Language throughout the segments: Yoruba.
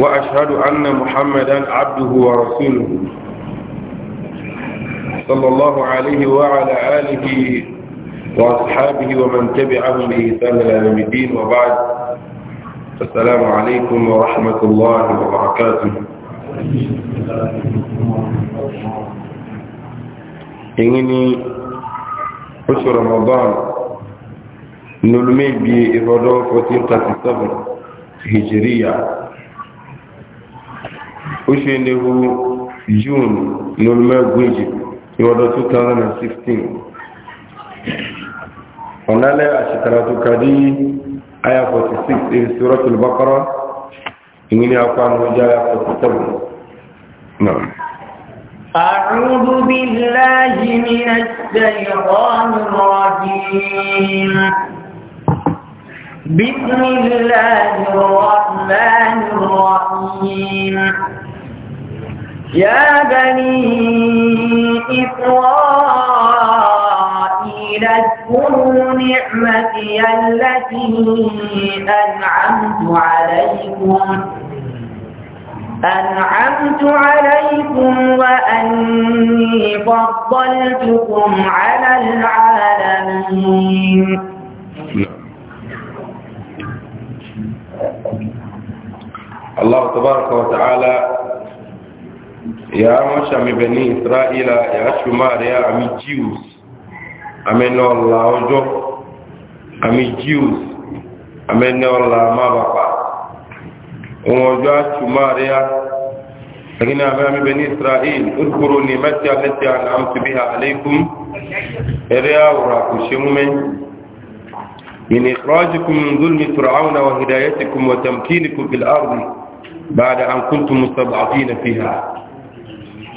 وأشهد أن محمدا عبده ورسوله صلى الله عليه وعلى آله وأصحابه ومن تبعهم به إلى الدين وبعد السلام عليكم ورحمة الله وبركاته إنني عشر رمضان نلمي وثيقة الصبر هجرية ó ṣe léwu june lólùmẹ́gbèjì ní ọdún 2016 ọ̀nálẹ́ àṣìkàràtù kàdí aya 46 in suratul bakara ìwúni akwánu jẹ́ aya 47 náà أعوذ بالله من الشيطان الرجيم بسم الله الرحمن الرحيم يا بني إسرائيل اذكروا نعمتي التي أنعمت عليكم أنعمت عليكم وأني فضلتكم على العالمين الله تبارك وتعالى يا ya mashami beni isra'ila ya shumari ya ami jews amene ọla ọjọ ami jews amene ọla mabapa ohun ọjọ shumari ya لكن أمام بني إسرائيل اذكروا نعمتي التي أنعمت بها عليكم إريا وراكشهم من إخراجكم من ظلم فرعون وهدايتكم وتمكينكم في الأرض بعد أن كنتم مستضعفين فيها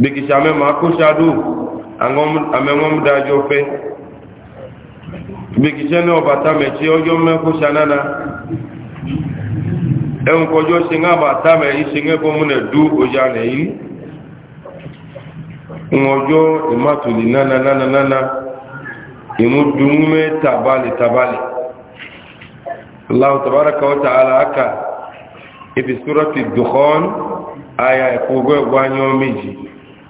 bikisi amema akosado amengom dajo fe bikisi ne obata mechi ojo mekosa nana ehun kojo singa bata me isinge ko mune du oja ne yi ngojo imatuli nana nana nana imudume tabali tabali Allah tabaraka wa ta'ala aka ibi surati dukhan aya ikugo gwanyo miji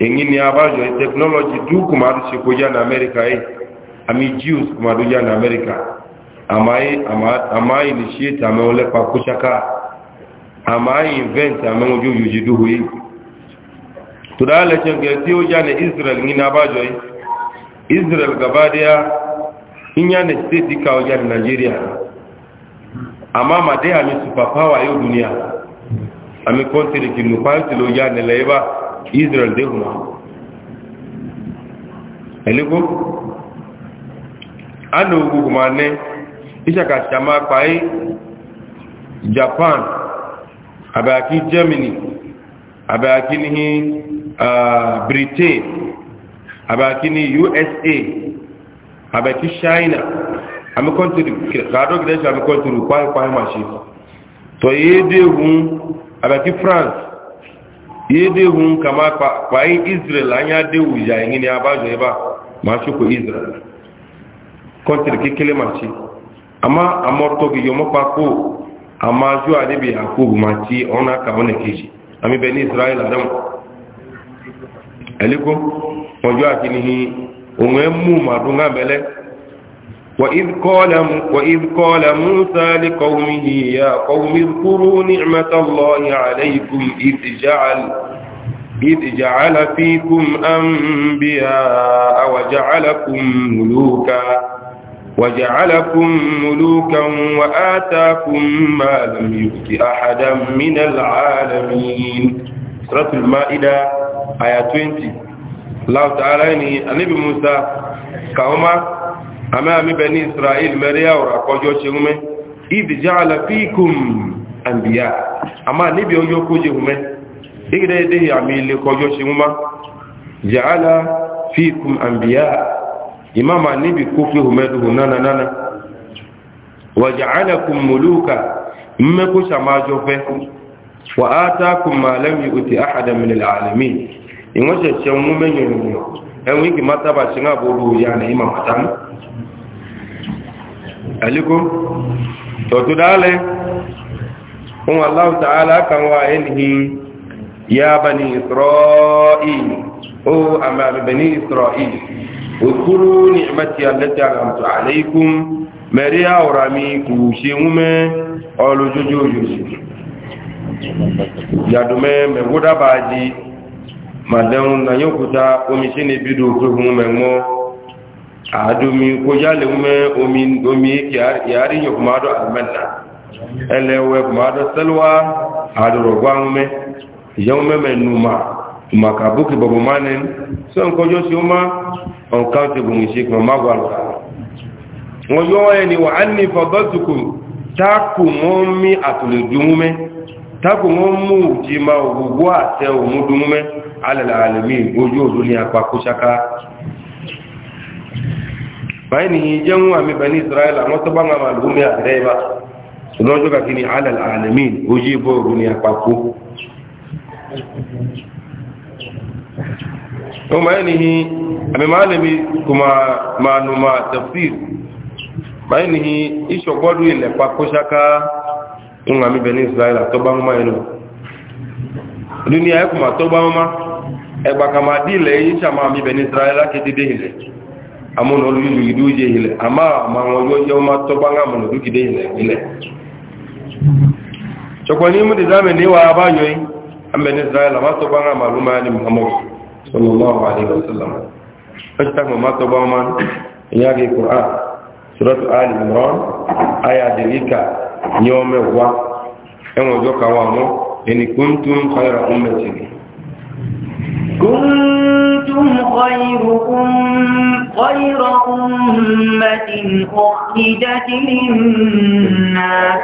èyí ni abájọ e technology dúkù máa ṣe kó já ní amẹ́ríkà yìí àmì jews kò máa dójá ní amẹ́ríkà àmáyé ní ṣe tàmẹ́ ọlẹ́pà kó ṣaká invent àmẹ́ ojú òjòjì dúhù yìí tó dá lẹ́ṣẹ́ tí ó já ní israel ní abájọ yìí israel gabadea ìyá ní state dika ọjà ní nigeria àmá màdé àmì superpower yóò dúnìyà àmì kọ́ntìrì kìnnù pàǹtì ló já nílẹ̀ yìí báyìí israel dé hùmà ẹ̀lẹ́gbó a ní ogun hùmà ní ìṣàkàṣà máa parí japan àbẹ̀àkí germany àbẹ̀àkí ní britain àbẹ̀àkí ní usa àbẹ̀àkí china àmì kọ́ntìrì kàádọ́ gidẹ́ṣẹ́ àmì kọ́ntìrì kwáyé kwáyé máa ṣe tọ̀yé dé hùn àbẹ̀àkí france ihe idehu nkama kpa israel anya dewu ya ihe na abajo ebe a ma chụpụ israel kọntrị kekele machi ama amọtọgị yomọkpakpo ama jụ adịbị akwụbụ ma chi ọ na aka ọ na-ekeji amibe na israel adam eliko ọjọ akinihi onwe mụ ma dụ nga mele وإذ قال, وإذ قال موسى لقومه يا قوم اذكروا نعمة الله عليكم إذ جعل إذ جعل فيكم أنبياء وجعلكم ملوكا وجعلكم ملوكا وآتاكم ما لم يؤت أحدا من العالمين سورة المائدة آية 20 الله تعالى يعني النبي موسى كما ama mi bani israel maria ora kojo chegume id ja'ala fikum anbiya ama ni bi ojo koje hume igide de ya mi le kojo cheguma ja'ala fikum anbiya imama ni bi kufi hume du nana nana wa ja'alakum muluka mme ẹ̀wọ̀n ike máa tábà ṣe náà bóró ya ní ìmọ̀ pàtàkì àlékò tọ̀tù dáálẹ̀ ohun aláwọ̀ tààlà kan wá ẹnìyí ya bá ní ìsọ̀rọ̀ì ó àmà àbẹ̀bẹ̀ ní ìsọ̀rọ̀ì òkúrú ní ìmẹ́tì alẹ́tì àlàmtò àlékún mẹ́rí àwòrán mi kò ṣe ń mẹ́ ọlójójójò yàdùmẹ́ madam na yokuta omi si ni bidu okwehu mengmo adumi kojale ume omi omi yari yokumado almenna elewe kumado selwa adoro gwangume yaume menuma makabuki babu manen so nkojo si uma on kaunti bungishi kuma magwalka ngoyoe ni alẹ́lẹ́lẹ́mí ojú òdó ní apapọ̀ ṣaká báyìí ni jẹun àmì bẹni israel àwọn tó bá máa lómi àdẹ́ ibá lọ́jọ́ kàkí ni alẹ́lẹ́lẹ́mí ojú ìbò òdó ní apapọ̀ kuma ainihi àmì malami kuma manuma tafsir ainihi ìṣọ̀gbọ́dún ilẹ̀ papọ̀ ṣaká ń àmì bẹni israel àtọ́bá mọ́ ẹnu dúníà ẹkùnmà tọ́bá mọ́ ẹgbàkàmà dílẹ̀ yìí sàmà mi bẹ̀ni israẹlá kéde ilẹ̀ amúnà olùlù ìdú yé ilẹ̀ àmà àmà àwọn ọjọ́ ọmọ tọ́gbà ńàmùnà olú kéde ilẹ̀ ilẹ̀ ní mú dìzámì níwà abáyọ yìí amẹ́ni israẹlá má tọ́gbà muhammadu ẹni كنتم خير أم خير أمة أخرجت للناس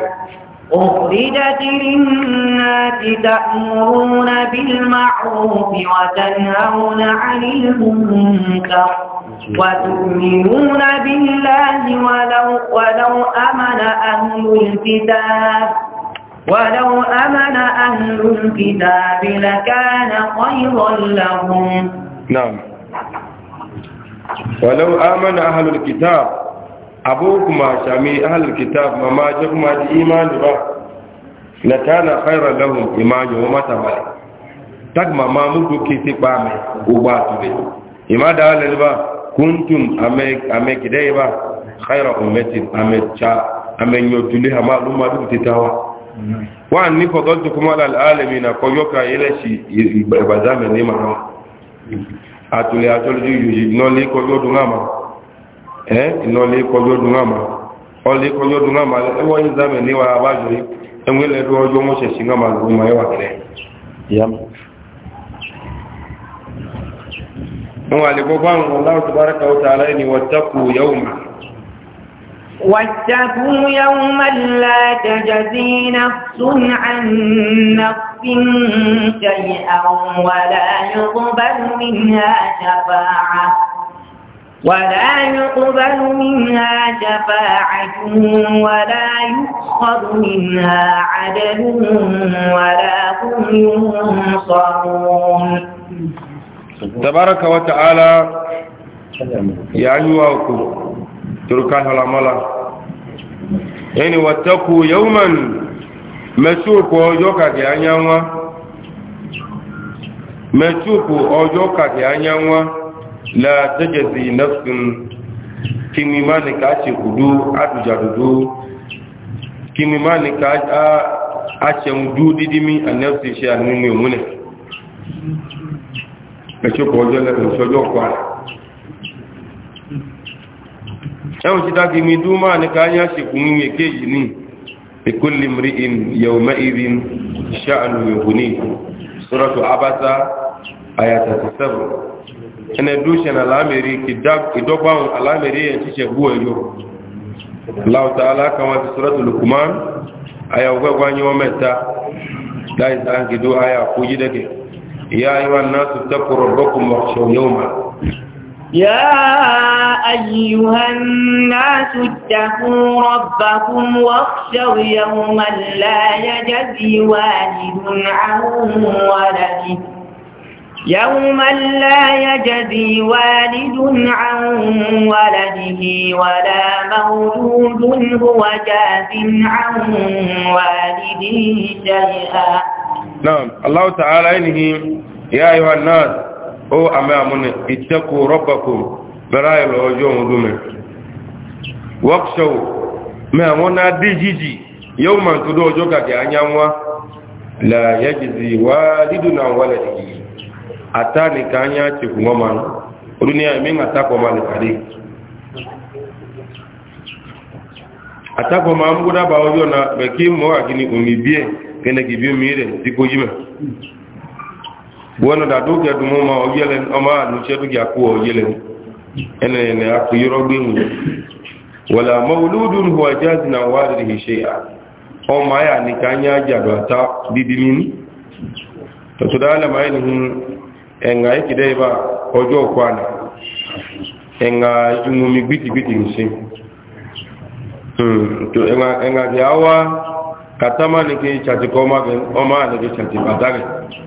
أخرجت للناس تأمرون بالمعروف وتنهون عن المنكر وتؤمنون بالله ولو, ولو أمن أهل الكتاب ولو أمن أهل الكتاب لكان خيرا لهم نعم ولو آمن أهل الكتاب أبوكما شامي أهل الكتاب مما جكما الإيمان با لكان خيرا لهم إيمان وما تبالي تكما ما مدو كيسي بامي وباتو بي إما دالي با كنتم أميك أميك دي با خير أمتين أميك شا أميك يوتولي هما لما دو تتاوى وأني فضلتكم على العالمين قيوك إلشي بزام النمى أتولي أتولي يجي نولي قيود نعمة نولي قيود نعمة ọlẹ́ kọjọ́ dùn náà máa ẹwọ́ ìzámẹ̀ níwà àbájọ yìí ẹwọ́ ilẹ̀dú ọjọ́ mọ́ṣẹ̀ sí náà máa lọ́wọ́ máa ẹwà rẹ̀ wọ́n wà lè gbogbo àwọn aláwọ̀ tó bára kàwọ́ta aláìníwọ̀ tẹ́kù yẹ́wùmá واتقوا يوما لا تجزي نفس عن نفس شيئا ولا يقبل منها شفاعة ولا يقبل منها شفاعة ولا يؤخذ منها عدل ولا هم ينصرون تبارك وتعالى يا أيها turuka halamola ẹni wàtẹ́kù yẹ́wùmán mẹ́túùkù ọjọ́ kàkì anyánwá mẹ́túùkù ọjọ́ kàkì anyánwá la tẹ́jẹ̀sì nafsin kimi ma ni ka ṣe kudu adujadudu kimi ma ni ka a ṣeun du didimi a nafsin ṣe a nínú ìmúnẹ̀ mẹ́túùkù ọjọ́ lẹ́nu ìṣọ́jọ́ kọ́ àrẹ ẹwọ̀n ti dákì mi dúmà ní káyá ṣekùn ní èkéjì ní ìkúlì mìírí in yàwùmẹ́ ìrì ṣáàlù ìhù ní sọ́rọ̀tù abáta àyàtà ti sẹ́bù ẹnẹ dúṣẹ̀n alámẹ́rí ìdọ́gbàhùn alámẹ́rí ẹ̀ ṣíṣẹ́ bú ẹ̀yọ́ láwùtà alákàwọn ti sọ́rọ̀tù lukuman àyàwùgbẹ́gbányọ́ يا أيها الناس اتقوا ربكم واخشوا يوما لا يجزي والد عن ولده يوما لا يجزي والد عن ولده ولا مولود هو جاز عن والده شيئا نعم الله تعالى إنه يا أيها الناس ó àmì àmúni ìtẹ́kù rọ́pàkù bẹ̀rẹ̀ àìlọ ọjọ́ ohun dúnmẹ̀ workshop mẹ́ àwọn náà dé jíjì yóò máa tó dó ọjọ́ anya wá láyé wá dídùn náà wà lẹ́dì àtà nìkan anyá na bueno da do ga dumo ma o yele o ma no che do ga ku o yele ene ne aku yoro mu wala mauludun huwa jazin an walidihi shay'a o ma ya ni kan ya ja do ta bibimin to to da la mai ni en ga yiki dai ba ojo kwana en ga jumu mi biti biti nsi hmm to en ga en ga ya wa katama ni ke chati koma ga o ma ni ke chati badage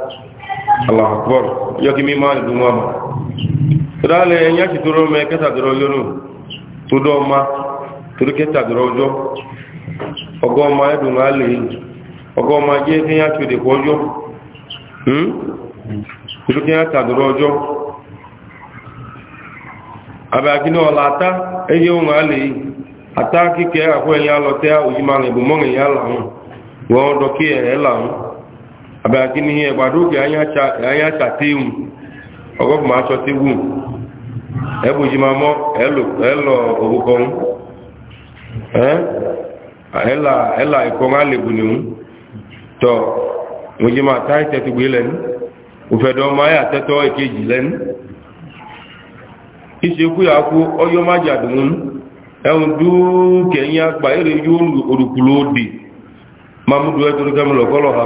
Allahu akbar yoki mi mani du mama dale nya ki duro me ta duro yoro to do ma to ta duro jo ogo ma edu ngale ogo ma je ti nya ti de kojo hm to ki nya ta duro jo aba kino lata eye ngale ata ki ke akwe nya lotea uji ma ngebu mo ngi ya la won do ki e la won àbẹ̀kí ni ẹgbàdókè ayáta tíhùn ọgọ́fù máa sọ tí wùn ẹbùjí máa mọ́ ẹlọ òkùnkọ̀ún ẹlà ìkọ̀ún alèbù ni hún tọ́ òjí máa táì tẹ́tùgbé lẹ́nu òfẹ́dọ́ máa yà tẹ́tọ́ ìkejì lẹ́nu ìṣekúyàkú ọyọ́ má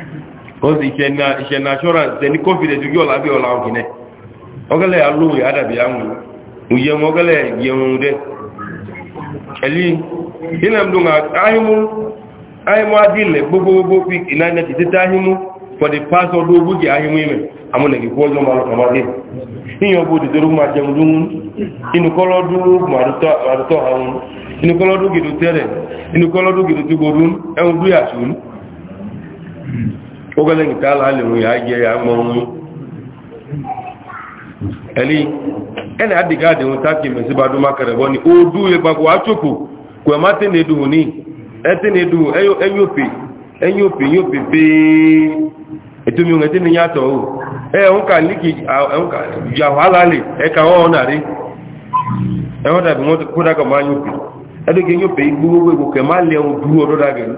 kọ́sì ìṣẹ̀nà assurance tẹni confidence yóò a ọ̀la ọ̀gìnẹ́ ọgẹ́lẹ̀ alóhùn àdàbí àwọn òyẹ̀wọ̀n ọgẹ́lẹ̀ yẹ̀wọ̀n dẹ́ ẹ̀lí ìnàmdùn ahimu adìlẹ̀ gbogbogbò fi ìnáyẹ̀ ti títà ahimu for the past ọdún ogójì ahimu ya ogele nke ala a lere ya je ya mmanwụ eli ena adịghị adị nweta ka imesibadụ makara bọni odu gbagwa achụpụ kwe mate na eduhu ni ete na eduhu enyope enyope enyofe pee etumi nwete na ya tọọ e, ee nka liki ji ahụ alali eka ọ narị e,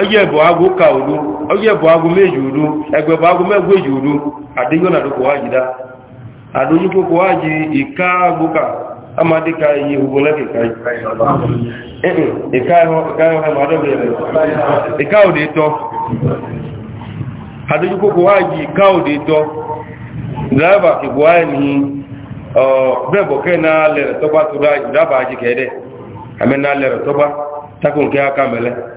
ọjọ́ agụ ka udu ọjọ́ bụ agụ meji udu egbe bụ agụ megwe ji udu adịghị na dụkwa ha jida adụnyekwu kwa ha ji ike agụ ka ama dị ka ihe ka ika ma adọbere ike dị tọ adụnyekwu tọ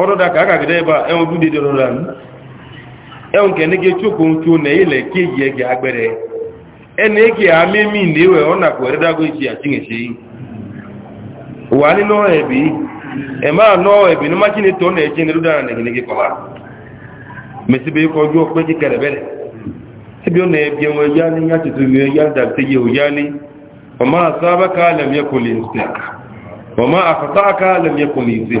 ọrụ da ka a ebe a enwe dị dịrọra m enwe nke ndị ga na ntu na ile ka eji ege agbere ena ege ama emi na ewe ọ na kwere dago ichi ya chinyechi ụwa ebi eme a ebi na machi na-eto na eche na gị mesibe ịkọ kerebere ebe ọ na-ebi enwe ya ni ya tutu ya ya ya ụya ni ọma alam ya nsị ọma aka alam ya nsị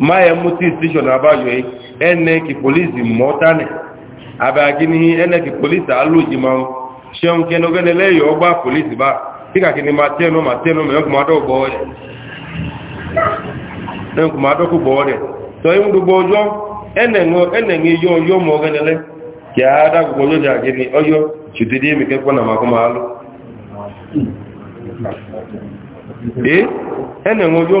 maya mmuti steshọn abayoe eneki polisi mọtane abagini eneki polisi alụji ma seun kenu genele yo gba polisi ba tika kini ma tenu ma tenu me kuma do gbo re en kuma do ku gbo re ada ma kuma alu eh enenwo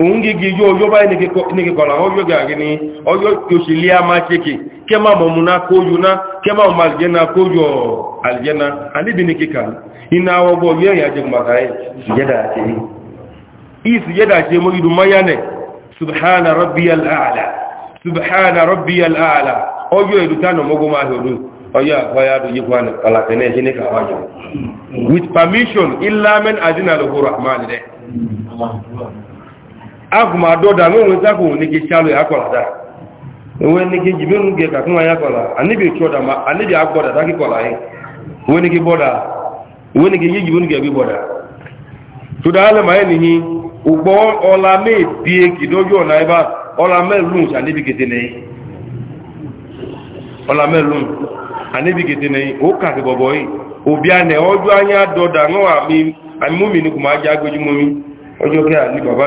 òun gígí yóò yóò báyìí nígbè kọ̀lá wọ́n yóò gàrí ní ọjọ́ yóò lé a máa ṣékè kẹ máa mọ̀múná kóyú ná kẹ máa mọ̀ àlìjẹ́ná kóyú àlìjẹ́ná alíbi ní kíkà iná ọgbọ̀ yóò yà jẹ́ subhana rabbiyal a'la subhana rabbiyal a'la ọjọ́ ìlú tánà mọ́gọ́ máa hẹ̀rù ọjọ́ àkọ́yá tó yí kwan ka hmm. with permission agụma dọda ma onwe zakwu nike chalụ ya akọlada enwe nike ji menu ka kụnwa ya kọla anibi chọda ma anibi agbọda ta kọla ya enwe nike bọda enwe nike yi ji menu gị ebi bọda tụda ala ma ya n'ihi ụgbọ ọla mee bie ebe a ọla mee lum na ya ọla mee lum na baba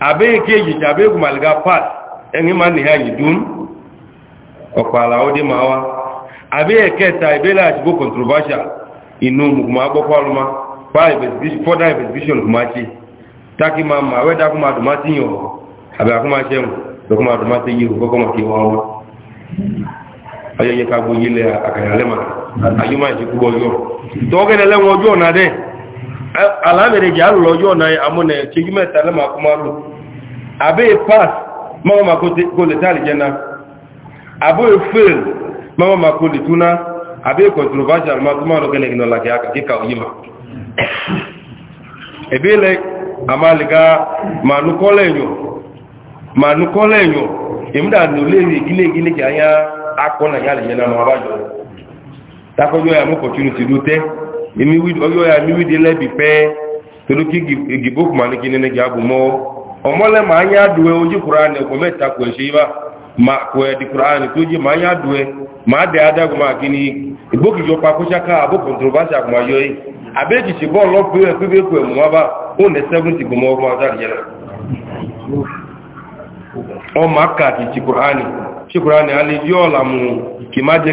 abe ke abe ja ga pat en ma ni ha yidun o odi wa abe eketa ta ibe la go controversial inu mu ma go paluma five is for taki ma ma we da kuma duma ti yo abe kuma do kuma go kuma ayo ka go yile ma ayuma ji yo to le ojo na de alamere ji alụrụ ọjọọ na amụ na chegimeta ala ma akụmalụ abụghị pas mawa maka koleta alijana abụghị fail mama maka oletuna abụghị kọntrovajial ma akụmalụ gị na ọla gị aka dịka oyima Ebele amaliga ma nukọla enyo ma nukọla gine emda na oleghị egine egine ka anya akọ na ya alijana ma abajọ takọjọ ya mụ opportunity lute ọyọ́ ya miwidi lẹ́bi pẹ́ pe kí ki kùmà ní kí nínú ìgbà bù ma ń yá dùn ẹ ojú kura ní ẹ̀kọ́ mẹ́ta kò ma kò ẹ̀ di kura ma ń yá dùn ma dẹ̀ adágún ma ni ìgbò kìjọ pa kúṣáká àbó kọ̀ntrófásì àkùmà yọ yìí àbẹ́ kìṣe bọ́ọ̀ lọ́pẹ́ ẹ̀ pé ma aka kìṣe kura ní ṣe kura ní alẹ́ yọ̀ọ̀làmù kì má jẹ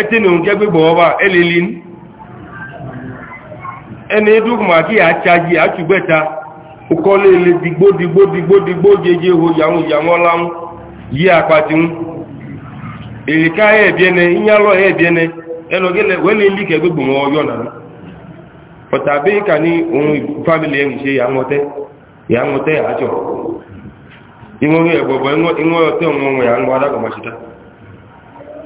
ẹtí ni òun jẹ́ ọba elilin ní ẹni dúkùnmà kí àchajì àtúgbẹ́ta ọkọ̀ lèlè dìgbò dìgbò dìgbò dìgbò jẹjẹ ho yàwọn ìyàwọn ọláwọn yí àpàtì ń èlìká ẹ̀ẹ́bíẹ́nẹ ìyálọ́ ẹ̀ẹ́bíẹ́nẹ ẹlọ́gẹ́lẹ̀ wẹ́lẹ́lẹ́ kẹgbẹ́gbọ̀ ọyọ́ nàá pọ̀tàbí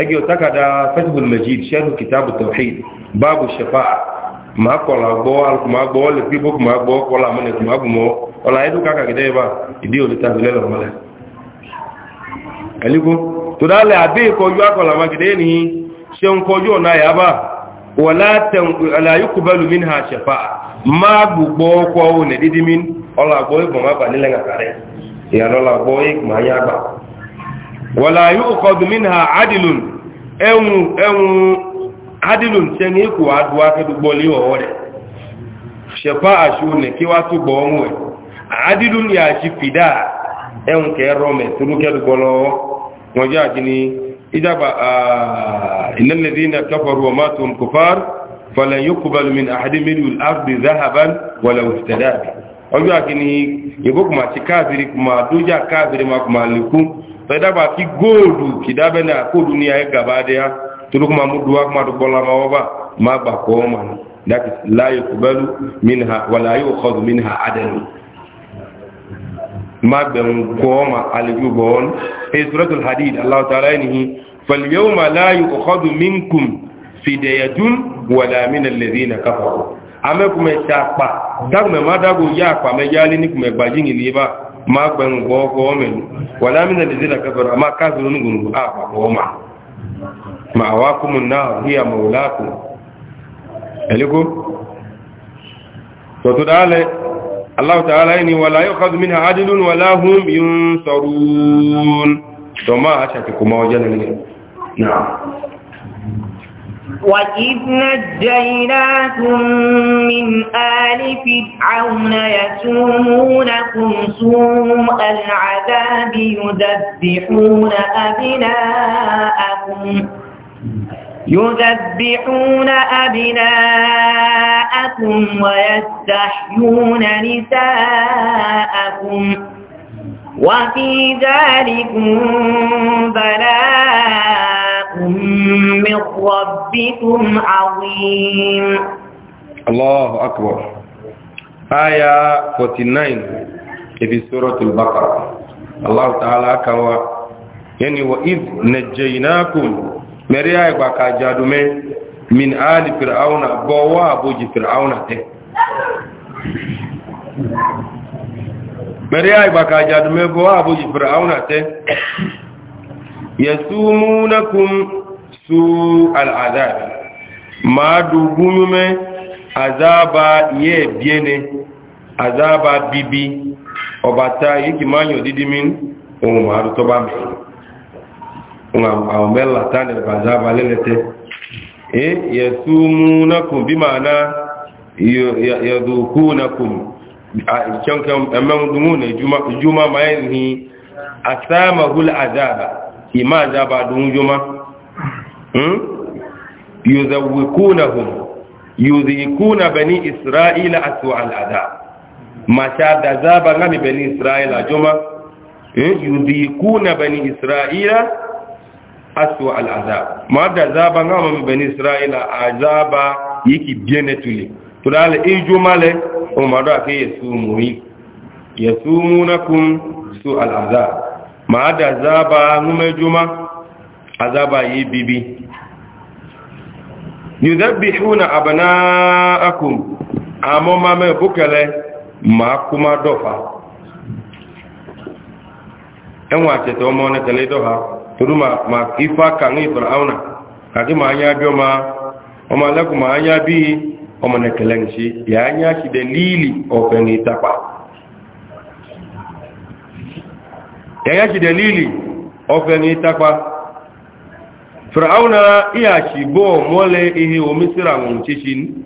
ẹgbẹ́ òtàkàdá fẹ́tìbùn mẹ́jìd ṣẹ́rù kìtàbù tọ̀hìd báàbù ṣẹfà máa kọ̀lá gbọ́ alùpùpù gbọ́ lè pé bókù máa gbọ́ kọlá mọ́lẹ̀ kù máa bù mọ́ ọ̀là ẹ̀dùn kàkàgídẹ́ bá ìdí òlítà sílẹ̀ lọ́mọlẹ̀ ẹ̀lígún tó dálẹ̀ àbí ìkọjú akọ̀lá magidé ní ṣe ń kọjú ọ̀nà àyàbá wọ̀lá yíkùbẹ́lù mí ha ṣẹfà máa gbùgbọ́ wala yu'khadhu minha adilun ehun ehun adilun se ni ku adwa ke gbo le o re shefa ashu ne ki wa tu gbo ohun e adilun ya ji fida ehun ke ro me turu ke gbo lo won ja jini idaba innal ladhina kafaru wa matu kufar fẹ́dàgbà kí góòlù kìdábẹ́ náà kóòlù ní ayé gàbádẹ́á tó ló kọ́ máa mú duwá máa dùgbọ́ la máa wọ́bà máa gbà kọ́ ọmọ ní láti láyé kùbẹ́lú mìnà wà láyé òkọ́dù mìnà àdẹ́nu máa gbẹ̀rún kọ́ ọmọ àlejò bọ̀ ọ́n èyí hadid aláwọ̀tara ẹnìyí fẹ̀lẹ́wò máa láyé òkọ́dù mìnkùn fìdẹ̀yẹ̀dún wà láàmìnà lẹ́rìnà káfọ́ ma gbẹ̀rùn gbọ́ọ̀gbọ́ mẹ́lú wà lámìnà lè dínà kẹfẹ̀rọ àmá káàkiri onígbòrò àpapọ̀ ma ma wá kúmù náà rí àmọ̀láàkù ẹ̀lẹ́kó tọ̀tọ̀ dáálẹ̀ aláwọ̀tàálá ní wà láyé ọkàdù mínà adìlún wà láhùn yún sọ̀rún tọ́má àṣàkẹ́kọ̀ọ́ وإذ نجيناكم من آل فرعون يسومونكم سوء العذاب يذبحون أبناءكم يذبحون أبناءكم ويستحيون نساءكم وفي ذلكم بلاء لكم من ربكم عظيم الله أكبر آية 49 في سورة البقرة الله تعالى كوا يعني وإذ نجيناكم مريا يبقى جادومي من آل فرعون بوا بوجي فرعون تي مريا يبقى جادومي بوا بوجي فرعون تي yasumunakum su al'adab ma dugunume azaba ye biene azaba bibi obata yiki manyo didimin ohun maru to ba me ohun mela tane azaba lelete eh yasumunakum bimana yadukunakum a cikin kan amma juma juma mai ni asamahul azaba ìmá àjábà dúnjúmá hmm? yóòzàwìkúnahùn yóòzìkúnà bẹni isra'ila àti al'adá màṣá dàzábà láti bẹni isra'ila jọmá hmm? yóòzìkúnà bẹni isra'ila àti al'adá ma dàzábà láti bẹni isra'ila àjábà yìí bíẹ́nẹ̀ tulè tó dáálẹ̀ ìjọmálẹ̀ ọmọdọ́ àkẹ́yẹ̀ sùmù yẹ̀sùmúnakùn sù al'adá ma a da azaba numejuma azaba yi bibi yuzabbihuna abna'akum amoma me bukele ma kuma dofa enwa tete omo ne tele doha turuma ma ifa kan ni fir'auna kage ma anya bi ma o ma lagu ma anya bi o ma ne ya anya shi dalili o fenita pa ya shi dalili ofeni takwa fir'auna iya shi bo mole ihe o misira mun cicin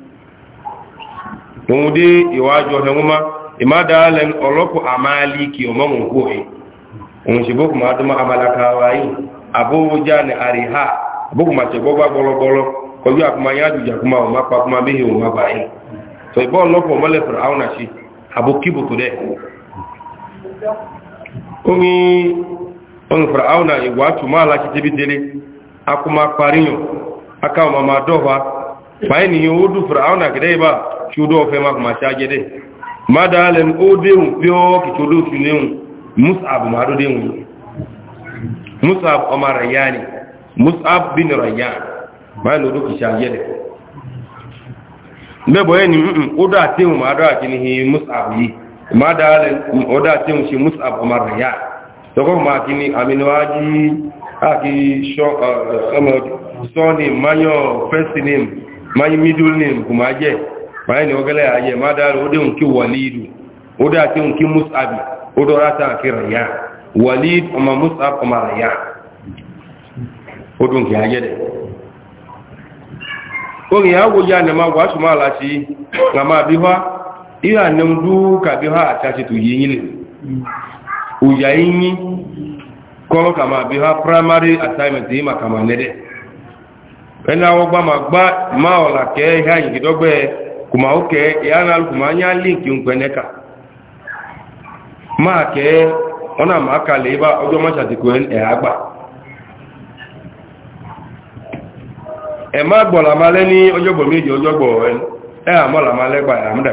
tunde iwajo henguma imada len oloku amaliki o mamun koyi on shi bo kuma aduma amalaka wayi abuja ni ariha bo kuma se gogba gbologolo koju akuma ya juja kuma o mapa kuma bihi o mapa yi so ibo oloku mole fir'auna shi abukibu tude onye onye farauna igwa ma tuma ala kitibitele akuma pariyo aka mama doha faini yodu farauna kideba chudo fe ma kuma chajede madalen odeu pio kichudo tuneu musab madu deu musab omar rayani musab bin rayan ma lo do kichajede mbe boyeni odo ateu madu akini musab yi ma dalen oda ti mu shi mus'ab umar riya to ko ma kini aminwaji aki sho sama soni mayo first name mayo middle name kuma je o ni ogele aye ma dal ode un ki o oda ti un ki mus'ab odo rata ki riya ma umma mus'ab umar riya odun ki aye de ko ni awo ya ne ma wa suma la shi na ma ihe annem duka bi ha achachi tu yi yile uya inyi ko kama bi ha primary assignment yi maka ma nede ena wogba ma gba ma ola ke ha yi dogbe kuma oke ya na kuma anya link nkweneka ma ke ona ma ka le ba ojo ma chati ko en e agba e ma gbola ma ni ojo gbo meji ojo gbo en e amola ma le gba amda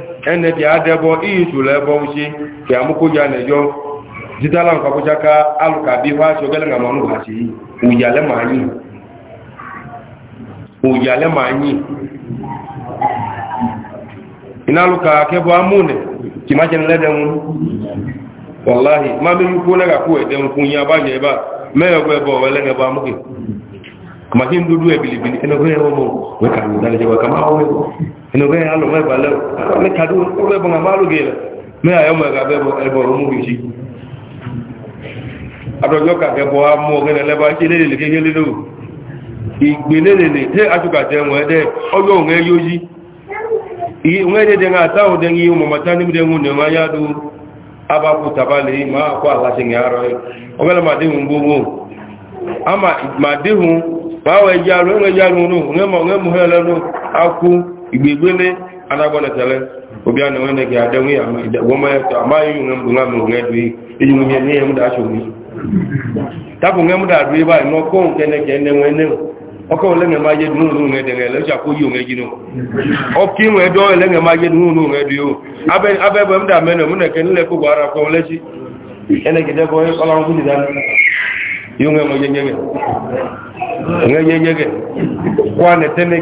ene ti adebo iyitule ebo uchi ti amukuja nejo jitala nka kuja ka aluka bi fa so gele ngama nu bachi uyale manyi uyale manyi inaluka kebo amune kimaje nlede mu wallahi ma mi ku na ga ku ede nku ba je ba me egwe bo wele nge ba muke kama hindu bilibili ene je kama inobe ya lo mai balau ne kadu gele me ayo ga be e bo mu ka bo amu gele le ba le le le do igbe le le te atuka te e de e yoji i e de nga ta o de ngi mo ne ma ya du aba ku tabale ma ko ala se ngi aro e. o gele ma de ama ma de ba we ja lo ngi ja lo nu igbegbele anagbonetele obi ana nwene gị adenwe ya gwọmayetọ nwe mbụ nwe iji nwunye n'ihe tapụ nwe ebe anyị n'ọkụ nke ne ka ene nwe nne ma n'ụlọ nwe dị ele eji akwụ onwe gị ọkụ inwe dị ole nwe ma jedu n'ụlọ nwe dị o abụ mene mụ na eke nlekọ ụgbọ ara dị dana kwa ne tene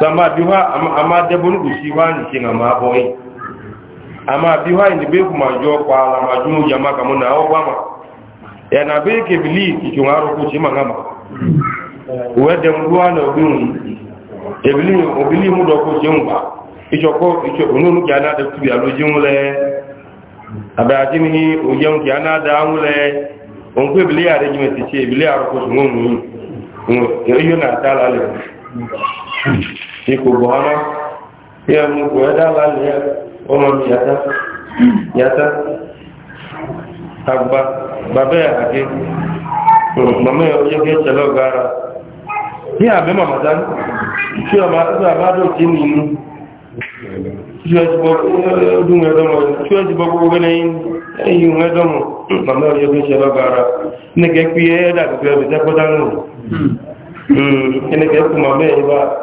sama biwa ama debonu gushi wa nti na maboy ama biwa ni be kuma jo kwa la majumu jama kama na o wama ya na be ke bili ki ngaro ku chima ngama we de mduwa na odun ebili obili mu do icho onunu ki ana de tu ya lo jinule ana da anule onko ebili ya de jimi ti che tala le ikú bọ̀ọ́nà a ẹnu kò ẹ́dá lálẹ́ ọmọ mi yàtá yàtá àgbà bàbẹ́ àti mọ̀mọ́ ọjọ́ kí ẹ̀ṣẹ̀ lọ́gá ara bí àbẹ́ màmàdá tí ọmọ àtúgbà bá dùn ní inú tí ó ti bọ́ ọdún ẹ̀dọ́mọ̀ tí ó mọ̀mọ́ ọjọ́ kí ẹ̀ṣẹ̀ lọ́gá ara ní kẹ́kí ẹ̀ẹ́dà gbogbo ẹ̀dọ́mọ̀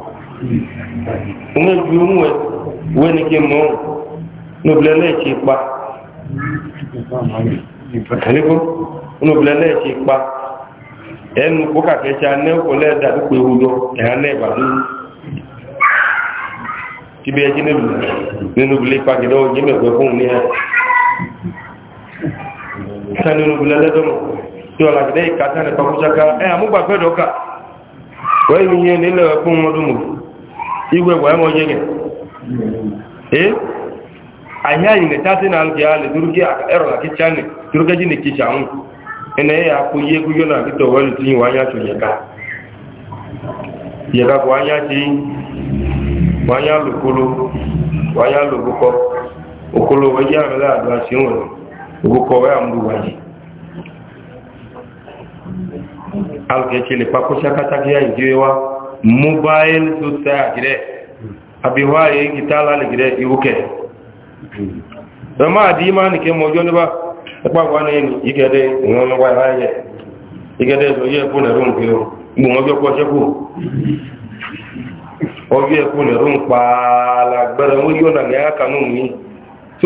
wọn ju umu e, wọn ni kí n mọ ọ níbilẹ náà ṣe pa náà ṣe pa ẹnu kó kàkẹ́ṣe anẹ́kọ̀ọ́ lẹ́ẹ̀dá pípé ewúdọ ẹ̀hán náà ìbàdàn kí bí ẹjí nínú ilé pàgídọ́ yí mẹ́gbẹ́ fún ní ẹ̀ sani nínú ilé lẹ́dọ̀mọ̀ igwe gwa mo yege eh anya yi ne tati na alge ale durgi a ero la kichane durga ji ne kichanu ene ya ku ye ku yona ki to wal tin wa ya chu ye ka ye ka wa ya ji wa ya lu kulu wa ya lu buko ukulu wa ya mala adwa si won buko wa mdu wa ji alge chile pa mobile society rẹ̀ àbíwá èyí kìtà lálẹ́ rẹ̀ ìwúkẹ̀ ẹ máa dí máa nìkẹ́ mọ ọjọ́ níbà ẹgbàgbà ní ìgẹ́dẹ́ ìwọ̀n lọ́wọ́ ìráyẹ ìgẹ́dẹ́ ìsọ̀yí ẹ̀kún ẹ̀rọ nǹkan gbùn ọjọ́ pọ̀ ṣẹ́kù ọjọ́ ẹ̀kún ẹ̀rọ ń pa alágbẹ̀rẹ̀ wọ́n yóò nà ní akákanú mi tí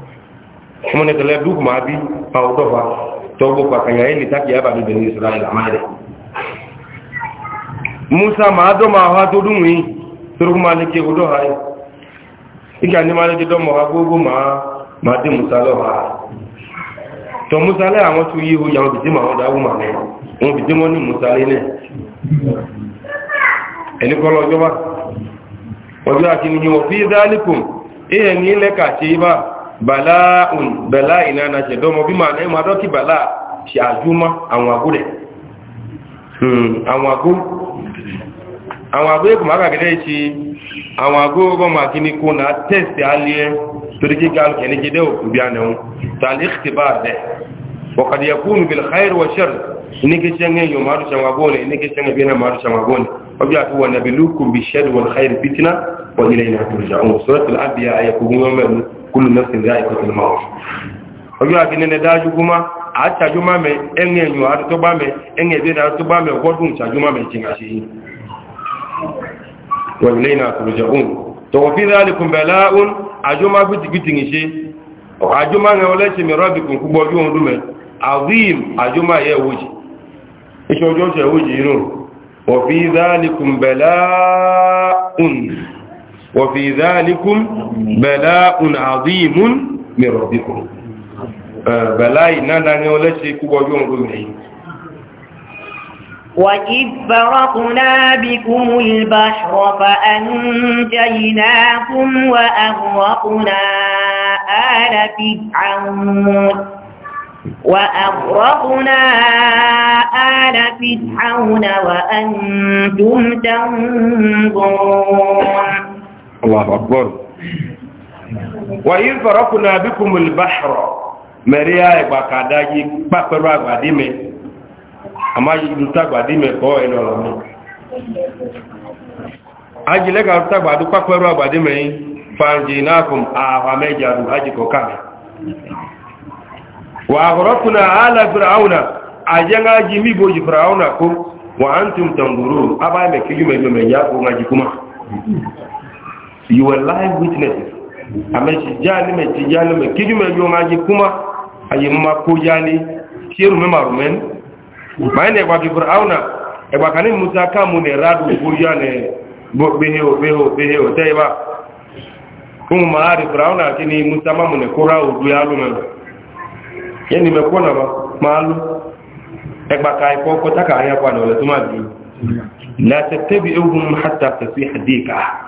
mune tele duk ma bi aw do fa to go pa kan tak ni bani israel amare musa ma do ma ha do ma ne ke ha do ika ni ma ne do mo ma ma de musa lo ha to musa le yi ya bi ma o da ma ne bi musa le ne eni ko ba ni ihe ni le ba bala'un bala'i na na ce domo bi ma na ima doki bala shi a juma an wago da an wago an wago ya kuma aka gida ya ce an wago ba ma kini ko na test ya aliye turki ga alkeni gida biya na yau ta alikti ba da wakad ya kunu bil khair wa shar ni ke shangen yo maru shanga gone ni ke shangen bina maru shanga gone wabi atu wa nabilukum bi shar wal khair fitna wa ilayna turja'un suratul anbiya ayakum yawmal kúlù nẹ́sìn dá ìkọ̀tì ní máa ọjọ́ àti nẹ́nẹ́ dájú gúnmá àtàjúmá mẹ́ ẹ̀yìn ẹ̀yìn àtútọ́gbá mẹ́ ẹ̀yìn ẹ̀dẹ́ àtútọ́gbá mẹ́ ọgọ́dún ìtàjúmá mẹ́ ti àṣẹ yìí wọ́n ilé iná àtòròjọ òun tọ̀wọ̀ fi ráàlìkùn bẹ̀lá òun àjọmá gbìtìgbìtì ní ajuma àjọmá rẹ̀ ọlẹ́ṣẹ̀ mi rọ́bìkùn púpọ̀ yóò dùn mẹ́ àwíìm àjọmá yẹ wòjì iṣẹ́ ọjọ́ ṣẹ̀ wòjì inú fi ráàlìkùn bẹ̀lá وفي ذلكم بلاء عظيم من ربكم آه، بلاء نانا نولشي كوبا يوم وإذ فرقنا بكم البحر فأنجيناكم وأغرقنا آل فرعون وأغرقنا آل فرعون وأنتم تنظرون Allahu akbar. Wa yi farakuna bi kumul bahra mẹ̀ríà ìgbà kàdáyé pàpẹ̀rọ àgbàdímẹ̀. A máa yí ìlú tàgbàdímẹ̀ kọ́ ẹ̀nà ọ̀rọ̀ mi. A jì lẹ́gà tàgbàdú pàpẹ̀rọ àgbàdímẹ̀ yìí, fàǹjì náà kùn àwà mẹ́jà rù ájìkọ̀ káàkiri. Wa àhọ̀rọ̀kùnà àálà Fir'auna, àjẹ́ ńlá jí mí bojì Fir'auna kó, wà á ń tún tàǹgùrù, you were live witnesses ame tsi dza ne me tsi dza ne me kidi me yɔ ŋa dzi kuma ayi ma ko dza ne tieru me ma rumɛ maa yi ne ɛgba bibra awo na ɛgba kani musa ka mu ne ra do ko dza ne bo behe o behe o behe o tɛ yi ba ko ma ha de bra awo na kini musa ma mu ne ko ra o do ya lo mɛ yɛ ni mɛ na ba ma lo ɛgba ka yi kɔ kɔta ka aya kɔ a nɔ lɛ tuma bi la tɛ tɛbi ewu mu hata tɛ fi hadi ka.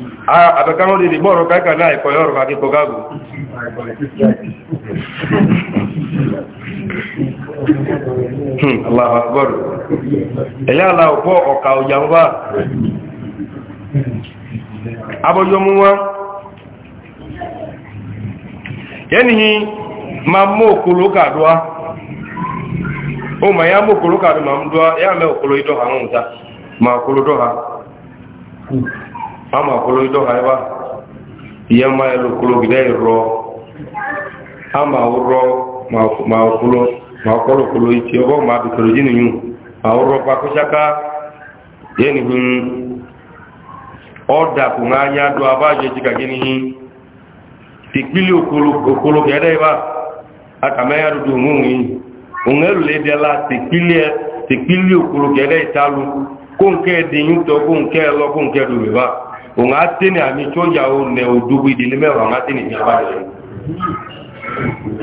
àbẹ̀káró lè gbọ́rọ̀ káíkà náà ẹ̀kọ́ yọ́rọ̀ kàkíkọ gágù Allahu Akbar ẹ̀yà aláwọ̀pọ̀ ọ̀kà òjàmbá abọ́jọmú wá yẹ́nìyí ma mú òkúrò kàdúwá ó ma yá mú òkúrò kàdúwá ma mú dúwá yá mẹ́ òkúrò ìdọ́ha ń ta ma òkúrò dọ́ha ama kolo ido haiba iye ma elu kolo gida iro ama uro ma kolo ma kolo kolo iti ogo ma bitoro jini yu ma uro pa kushaka yeni hun oda ku anya do abaje jika gini hi tikpili okolo okolo gida iba ya tikpili tikpili okolo gida italu nke dinyu nke lo nke òun á tẹ́ ní àmì tó yà ó nẹ òdúgbò ìdílé mẹ́wàá òun á tẹ́ ní ìjọba rẹ̀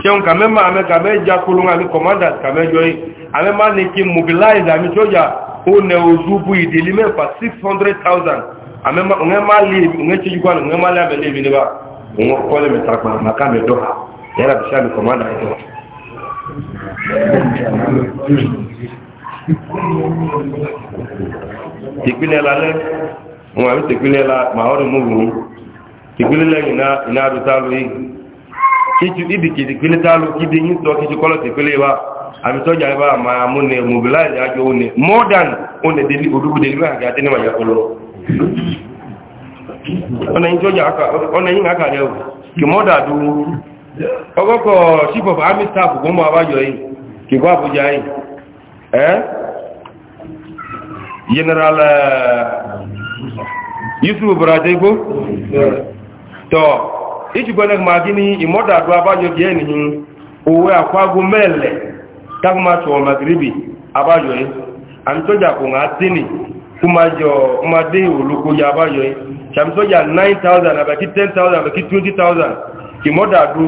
ṣeun kàmẹ́ máa mẹ́ kàmẹ́ já kúrún àmì commanders kàmẹ́ jọ yìí àmì máa ní kí mobilize àmì tó yà ó nẹ òdúgbò ìdílé mẹ́fà 600,000 àmì òun máa lè òun ṣe jù kwánu òun máa lè àmẹ́lẹ́ ìbí níbà òun kọ́lẹ̀ mẹ́ta pa màkà mẹ́ dọ́ha yàrá bí sáà mi commander ẹ̀dọ́ ìpínlẹ̀ lálẹ́ wọn àbí tèkúlẹ̀ la màá ọ̀rẹ́ mú wùú tèkúlẹ̀ lẹ́yìn iná àdó tálu yìí kíkú ibi kì tèkúlẹ̀ tálu kíbi yín sọ kíkú kọ́lọ̀ tèkúlẹ̀ wa àmì tọ́jà yẹn bá máa mú ne mobilize àjọ òun ne more than òun ne deli odúgbò deli wíwá àgbà tẹ́lẹ̀ wáyà kọlọ. ọ̀nà yín tọ́jà ọ̀nà yín kàkà rẹ̀ o kì mọ́dà dúró ọgọ́kọ̀ chief of army staff kò mọ abájọ yìí kì kọ́ àbújá yìí ẹ́ general. Uh, yusuf bùrọ̀dé gbó tọ́ ìṣùgbọ́n ma gí ní ìmọ́dàdó abájọ kí ẹni owó àkwágó mẹ́lẹ̀ tágbàtọ̀ magribi abájọ yìí àmìtọ́jà kò ngá tíni kú ma dé olóko ya abájọ yìí ṣàmìtọ́jà 9,000 àbẹ̀kí 10,000 àbẹ̀kí 20,000 ìmọ́dàdó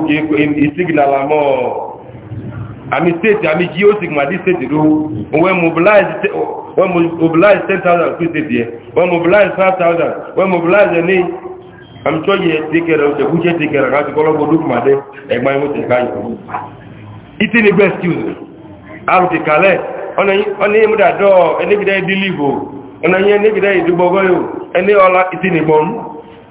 àmì state àmì geosic màdí state ló wọ́n mobilize wọ́n mobilize ten thousand fún state yẹ wọ́n mobilize five thousand wọ́n mobilize ẹni àmì tọ́ yẹ tékẹrẹ ọ̀sẹ̀ kú jẹ́ tékẹrẹ àti kọ́lọ́gbọ́ olókùnmàdé ẹ̀gbọ́n ẹ̀wọ̀n tẹ̀ká yìí ìtì ní best excuse àrùkì kalẹ̀ ọ̀nà yìí múdà dọ́ ẹnẹ́gidẹ́ ìdílé ìbò ọ̀nà yìí ẹnẹ́gidẹ́ ìdúgbọ́gọ́ yìí ẹni ọlá ìtì ní gbọ́n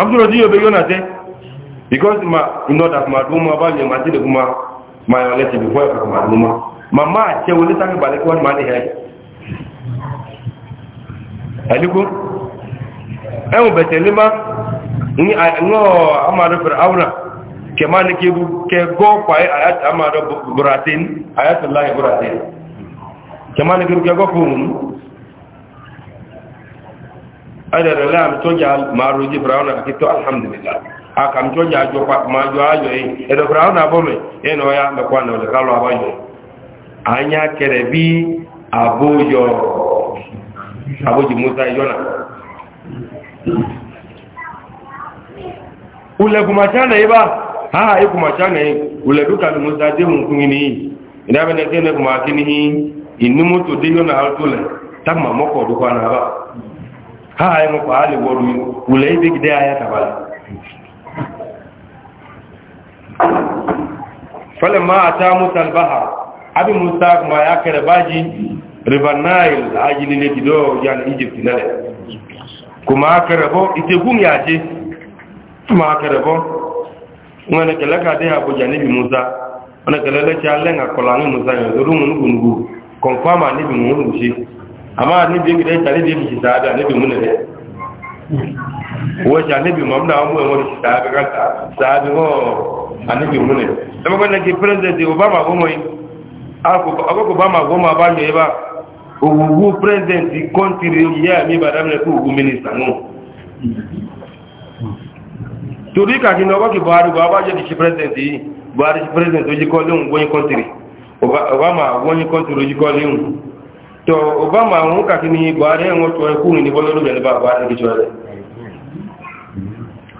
mamturo jiyo be yona te because ma inoda kuma duma ba ne matide kuma ma yole ti before ka kuma duma mama che wole ta ba le ko ma ne he aliko en be tele ma ni no amado fir auna ke ma ne ke bu ke go kwa ayat amado buratin ayatullah buratin ke ma ne ke go ko adada la am toja maro ji brown akito alhamdulillah aka am toja jo pa ma jo ayo e edo brown abome eno ya me kwa no le kalo abayo eh? anya kerebi aboyo aboji musa yona ule kumachana iba eh, ha ikumachana eh, ule duka musa de mu kungini ndabe ne kene kumakini inimutu diyo na altule tamma moko dukwana ba haa ịmụ kwa alị gwọrọ m wule ibegide ya tabala falin ma a ta musa albaha abin musa kuma ya kere baji river nile a ajili ne gido ya na le. nale kuma a kere bo itekun ya ce kuma a kere bo wani keleka dai abuja nibi musa wani kelele allen alen akola musa yanzu rumun gunugu konfama nibi musa amma annabi yake dai tare da yake sahabi annabi mun ne wace annabi mu amna mu wani sahabi kan sahabi ho annabi mun ne kuma kana ki president Obama ako ako Obama ba ba president country ya mi ku minister no president president country obama country to obama ń kàkí ní buhari ẹ̀wọ̀n tó ẹkú ní bọ́lọ́dún bẹ̀rẹ̀ bá buhari kìí jọ rẹ̀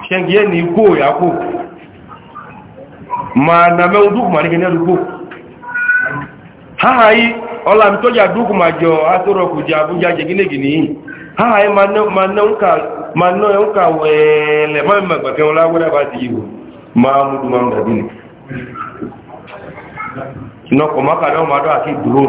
ṣẹ́gi ẹ̀ ní kó ìyàkó ma na mẹ́wọ́n dúkùmà ní kẹ́ni ẹ̀dúgbò háhàí ọlámi tó jà dúkùmà jọ asọ́rọ̀kù jẹ abújá jẹ gínégìní háhàí ma ná ń kà wẹ̀ẹ̀lẹ̀ má mẹ́mà gbàkẹ́ wọn láwọ́dá bá ti yíwò máa mú dùn máa ń dàbí ni ṣùgbọ́n kọ̀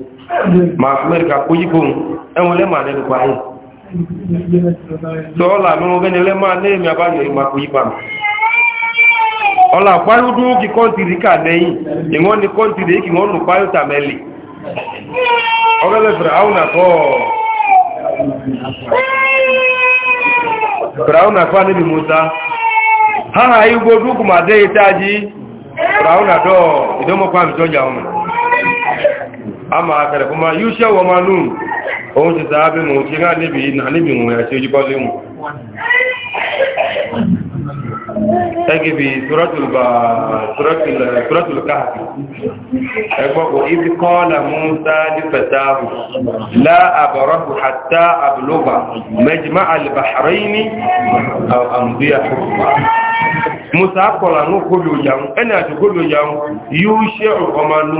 màkúmẹ́ríkà kó yíkó ẹwọn lẹ́mà nínú parí tó ọlà mẹ́rin ọgbẹ́ni lẹ́mà lẹ́mì àbáyọ̀ ìmà kó yípa ọlà parí ó dúró kí kọ́ntìrí kà lẹ́yìn ìwọ́n ni kọ́ntìrí kí wọ́n nù parí tàmẹ́lì ọgbẹ́lẹ̀ fìràúnà kọ́ níbi musa ha ha igbó dúkùmà dé ìtajì fìràúnà dọ́ ìdọ́mọ́kọ́ àmì tọ́jà ọmọ ama akẹrẹ fún ma yíò ṣe wọ ma nù oun ti sáábí mú tí rán níbi ìnà níbi mú ẹ̀ṣẹ́ ojúkọ́ lémù ẹgbẹ̀ bí ṣúrọ́tùlùkáàkì ẹgbọ́kù ibi kọ́ọ̀lá múta ní fẹ̀sáàrù láàbọ̀rọ̀kù àtà àbúlógbà mẹ́jìmá alìbàṣàrẹ́ni àmúdíyà musa kọ̀lá ní kóbi òjàun ẹni àti kóbi òjàun yíó ṣe ọ̀kọ́ ma nù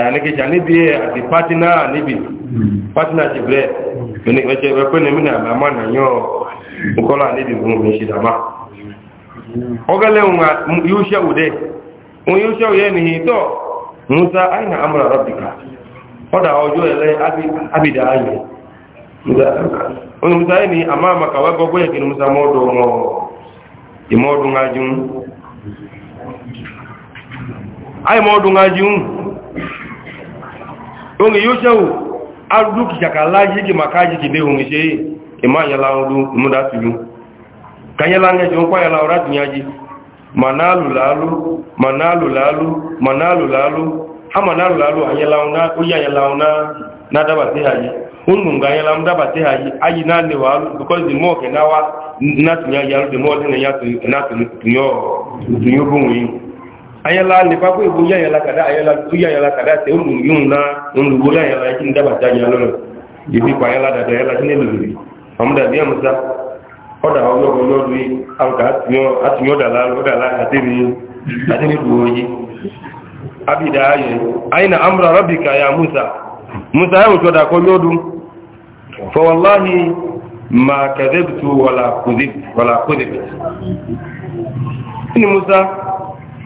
ẹ̀ẹ́nìkìṣà níbi àti pátínà níbi pátínà ti bẹ́ẹ̀ ní ẹ̀ṣẹ́ ẹ̀pẹ́ ní mínà àmà nàyàn nkọ́lá níbi ohun ìṣìdàmá ọgẹ́lẹ̀ yóò ṣẹ́wù dẹ́ ohun yóò ṣẹ́wù yẹ́ nìyí tọ́ musa aina amúra rọ́bìkà ọ̀dà ọjọ́ ẹ̀lẹ́ abìdá ayé musa yẹ́ ni àmà àmàkàwẹ́ gbogbo ẹ̀kì ni musa mọ́ọ̀dọ̀ ìmọ̀ọ̀dún ajínú onge yóò ṣe wò arúgbó kìjàkà láyé kime máa káyé kì léhùn ṣe ìmá àyàlá ọdún ìmúdá tìlú kanyẹ́lá ń ẹjọ́ ń pàyàlá ọ̀rá tìyà jí mànáàlù a àyàlá ọ̀nà ó yà àyàlá ọ̀nà náà ha ayi naanị wa alụ dị mọọ na tụnye ya alụ dị mọọ dị na ya tụnye ọbụ nwe ayala lebako ebo yayala kada ayala tu yayala kada te olu yun na olu bola yayala kin e daba ta yalo no ibi pa yala da yala kin elu bi amda bi amza oda o yo yo lui al ka yo at yo da la oda la ati ni ati ni duoji abida ayo aina amra rabbika ya musa musa ya to da ko yodu fa wallahi ma kadhabtu wala kudhib wala kudhib ni musa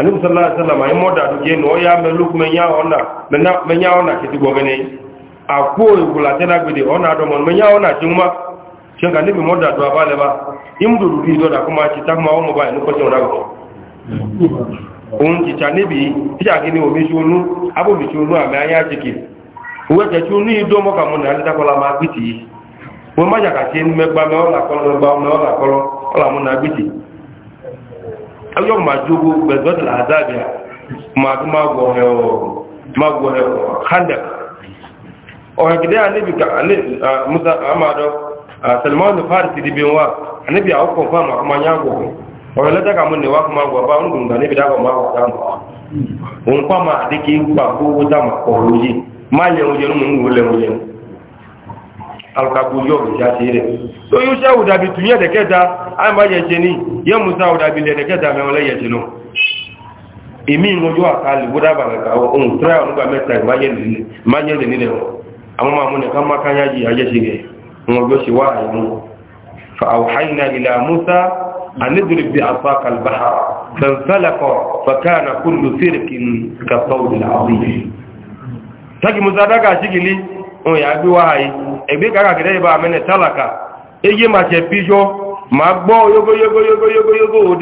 anibu sallallahu alaihi wasallam ayi moda du je no ya me luk me nya ona me nya ona ti go gene a ko igula tena gbede ona do mon me nya ona ti uma chen ka nibi moda du abale ba imdu du di do da kuma ti ta ma omo ba ni ko jona go un ti cha nibi ti ja gini o mi shunu abo mi shunu ame anya chiki uwe ke chunu ido mo ka mo na ta ko la ma gbiti wo ma ja ka ti me gba me ola ko lo gba me ola ko lo ola mo na gbiti ẹjọ́ ma jógó gbẹ̀gbẹ̀tì àzáàbí ma tó má gbọ́ ẹ̀wọ̀ handak ọ̀hẹ̀ gidẹ́ anẹ́bì musa amado salman farisi dibin wa anẹ́bì àwọn kọfà ma kuma ya gbọ́ ọ̀hẹ̀ lẹ́tàkà mú níwá kuma gbọ́ bá ń dùn gbà níbi dábọ̀ ma wà sáàmù òun pa ma àdíkì alkaku yóò fi jáde rẹ̀. tó yóò ṣe àwùdàbí tún yẹ́ dẹ̀kẹ́ta a máa yẹ̀ṣẹ́ ní yẹ́ musa àwùdàbí lẹ̀ dẹ̀kẹ́ta mẹ́wọ́n lẹ́yẹ̀ṣẹ́ náà èmi ìrànjọ́ àkàlì wúdábà mẹ́ta ohun tíra ọ̀nùgbà mẹ́ta ìmáyẹ̀lẹ̀ nílẹ̀ wọn àwọn máa múnẹ̀ ká máa yáyí ayẹ́ṣẹ́ rẹ̀ wọn yóò ṣe wá àìmú fa àwòháyìnà ilẹ̀ musa anídùrí bí afa kalbaha fẹ̀nfẹ́lẹ̀kọ̀ òun yà gbé ẹgbẹ́ kàkàkẹ́dẹ́ ìbá àmẹ́nẹ̀ tálàkà eye ma jẹ ma gbọ́ yógóyógóyógóyógó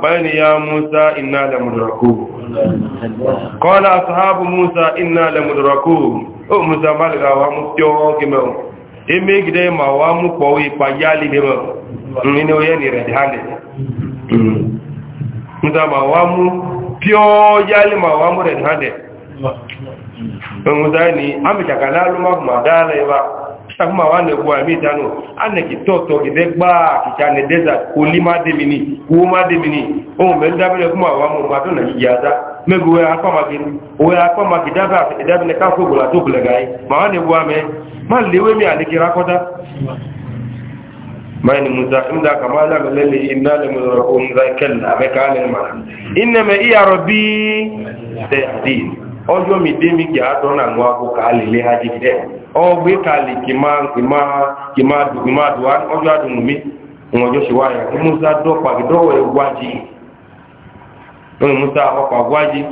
na ya musa musa o musa málìkà wa mú tí ọwọ́ gẹ́mẹ̀ọ́ emé gidẹ́ ma wa musa ma pure yali ma wa mure hande ngudani amechaka nalu maguma dala iba sakuma wande kwa mitano ane kitoto kidegba kichane desert kulima demini kuuma demini o melda bele kuma wa mu na hijaza meguwe akwa magini we akwa magidaba idabe ne kafu bula to bula gai ma wane kwa me ma lewe mi alikira mani musa inda kama da lalle inna la muzarun zakalla be kale ma inna ma iya rabbi tahdid ojo mi de mi ja do na nwa ko kale le haji de o gbe kale ki ma ki ma ki ma du ki ma du an ojo adu mi ojo si wa ya musa do pa do we waji to musa o pa waji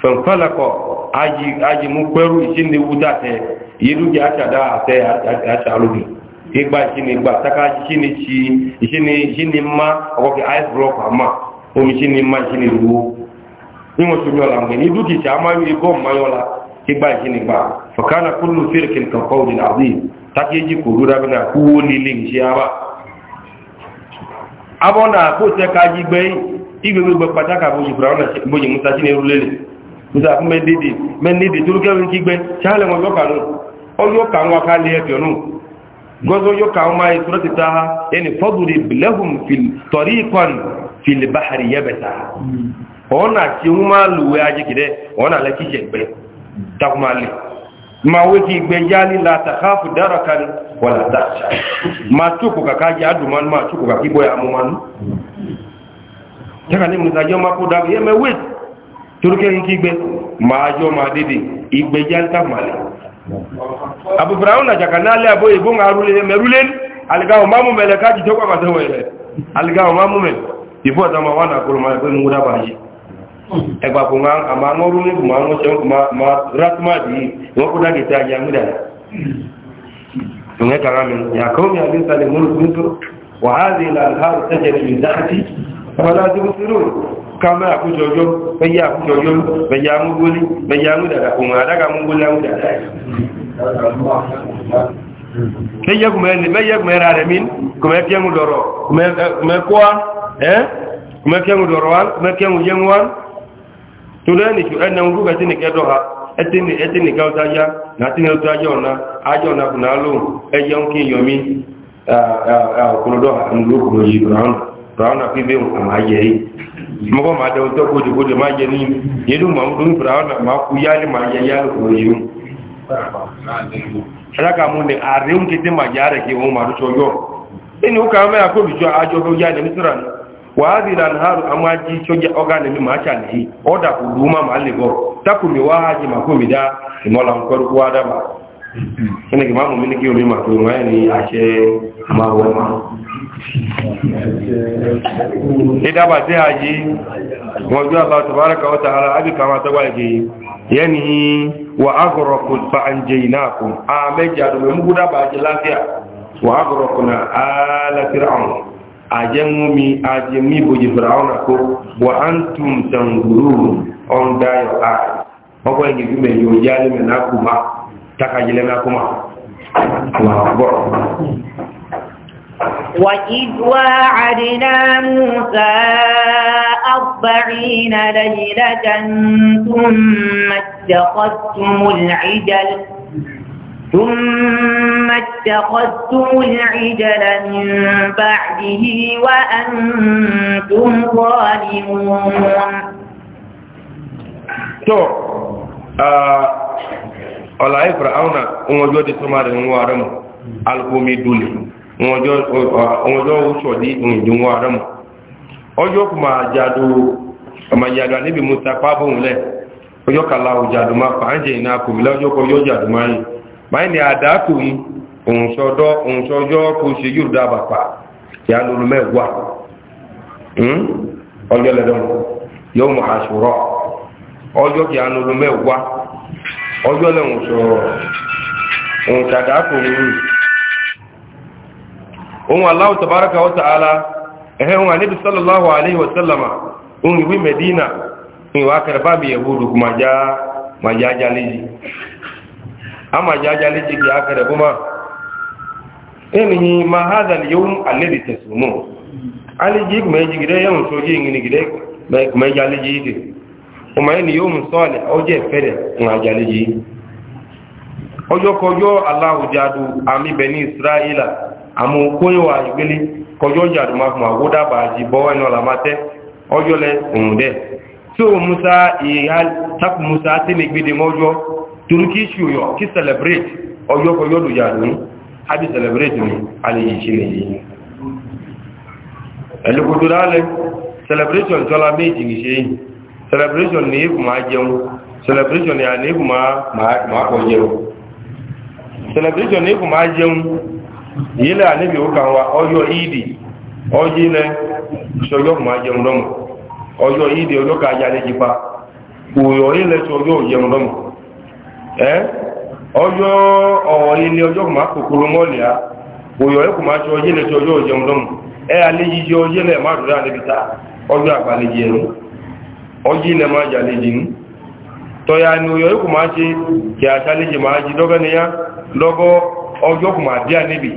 fan falako aji aji mu peru isinde wuta te yidu ja ta da te a ta lu igba chini igba taka chini chi chini chini ma okoke ice block ama omi chini ma chini ruo ingo chunyo la ngeni duki cha ama yu igo mayola igba chini igba fakana kullu firqin ka qawlin azim taki ji kuwo ni lingi aba ka ji gbe igbe gbe ji brown bo ji musa musa gọzọ yo ka ma surati taha yani fadrib lahum fil tariqan fil bahri yabata ona ti ma luwe aje kide ona la ki jegbe ma weki gbejali la takhafu darakan wala takhsha ma ka ma tuku ka ya muman ma ko dag yeme wet turke ki gbe ma jo ma didi igbejali takmali abu firawuna jaka na abo ebo ŋa rule mɛ rule aligawo ma mu mɛ lɛ k'a jijɔ kɔ ka tɛ wɛ lɛ aligawo ma mu mɛ ifo dama wa na koloma ko mu da ba ye ɛgba ko ŋa a ma ŋɔru ne kuma ŋɔ sɛn kuma ma ratuma di ŋɔ ko da ke ta ya ŋu da la ŋɛ kaŋa mɛ ya kaw mi ale ta le ŋɔru kuntu wa hali la alharu tɛ jɛ ni kama àkójọ ọjọ́ mẹ́yà àkójọ ọjọ́ mẹ́yà amúgbólé mẹ́yà amúdàdà òun àdága amúgbólé amúdàdà mẹ́yẹ kùmẹ́ rà rẹ̀ mí kùmẹ́ fíẹ́mù dọ̀rọ̀ kùmẹ́ kọ́wá kùmẹ́ fíẹ́mù dọ̀rọ̀ wá kùmẹ́ fíẹ́mù yẹn wá tó lẹ́yìn tó ẹnà ń rúgbẹ́ tí nìkẹ́ dọ̀ha ẹtí nìkẹ́ ọjọ́ ajá láti ní ọjọ́ ajá ọ̀nà ajá ọ̀nà kùnà lóhùn ẹyẹ ń kí yọmí ọkùnrin dọ̀ha ń lókùnrin yìí rọ̀hánà fífẹ́ àmàyẹ yìí mɔgɔ maa dɔw tɛ kojo kojo maa jɛ ni yenu mamudu ni fura na maa ku yali maa jɛ yali o ye ala ka mun de a rew tɛ tɛ maa jɛ a yɛrɛ kɛ o maa dɔ sɔjɔ e ni o kan mɛ a ko bi jɔ a jɔ fɛ o y'a nɛmi ni wa a bi na ni hali a ma ji sɔjɛ o ka nɛmi maa ca ni o ko dugu maa le bɔ ta mi wa a ma ko mi da mɔ nkɔri ko a da maa mun mi ni kɛ o mi ma ko o ye ni a cɛ maa wɛrɛ ma. ìdába tí a yí wọ́n jú àbá tàbárakà wata ara ágbìkà máa tọ́gbà ẹgbẹ̀ yẹni wà ágọ̀rọ̀kù bá ń jẹ ìnáàkù a mẹ́jì àdùmẹ̀ múkú dába jẹ láfíà wà ágọ̀rọ̀kù na alátíràun ọ̀n dáyọ̀ a ọgbọ́n ìgbìmí mẹ́yọ̀ ma wà وإذ واعدنا موسى أربعين ليلة ثم اتخذتم العجل ثم اتخذتم العجل من بعده وأنتم ظالمون تو ọ̀làyé fìràáwọ̀nà ohun ọjọ́ di tó máa rẹ̀ ń ọjọ́ oṣòdí ọjọ́ kuma jàdó ọmọ níbi mustapha bóhùnlẹ̀ ọjọ́ kàlá òjàdó máa fà ń jẹ ìná kòmílẹ̀ ọjọ́ kọjọ́ jàdó máa yìí máa ní àdáàtò ní òǹṣọ́jọ́ kò ṣe yóò dábà pa ìyá lóru mẹ́wàá ọjọ́ lẹ́dọ̀mù yóò ọjọ́ ọjọ́ ohun aláwọ̀ tàbárakà wata ala ẹ̀hẹ́ ohun anibi sallallahu alaihi wasallama ohun ìwé medina ohun ìwà kẹrẹbá bí yahudu kuma já ma já já léjì a ma já já léjì kí a kẹrẹbú ma ẹnìyí ma hádàlì yóò alẹ́dì tẹ̀sùmù alẹ́jì kùmọ̀ ẹjì gidẹ́ yẹun sójú ìgbìn gidẹ́ kùmọ̀ ẹjì alẹ́jì yìí ọmọ ẹni yóò mú sọ́ọ̀lẹ̀ ọjọ́ ìfẹ́rẹ̀ ń àjálẹ̀ yìí ọjọ́ kọjọ́ aláhùjádù àmìbẹ̀ ní israẹ́lá amu koyowa igbele kojo jaduma kuma woda baji bowa ni ola mate ojole onde so musa ihal tak musa ti ni gbede mojo turki shuyo ki celebrate ojo koyo du jadun abi celebrate ni ali yishile yi elu kudurale celebration jola meji ni se celebration ni kuma jeun celebration ni ani ma ma ma ko jeun celebration ni kuma jeun yìí àníbì òkà wa nwa ìdì ọjọ́ ilẹ̀ ṣọjọ́ kùnmá jẹun lọ́mù ọjọ́ ìdì ọjọ́ kájá oyo jípa òyọ̀ ilẹ̀ ṣọjọ́ jẹun lọ́mù ẹ́ ọjọ́ ọ̀wọ̀ ilẹ̀ ọjọ́ kùnmá kòkòrò mọ́lẹ̀ á òyọ̀ ẹkùnmá ṣọjọ́ ilẹ̀ ṣọjọ́ jẹun lọ́mù ẹ́ alẹ́ yíyí ọjọ́ ni ọjọ́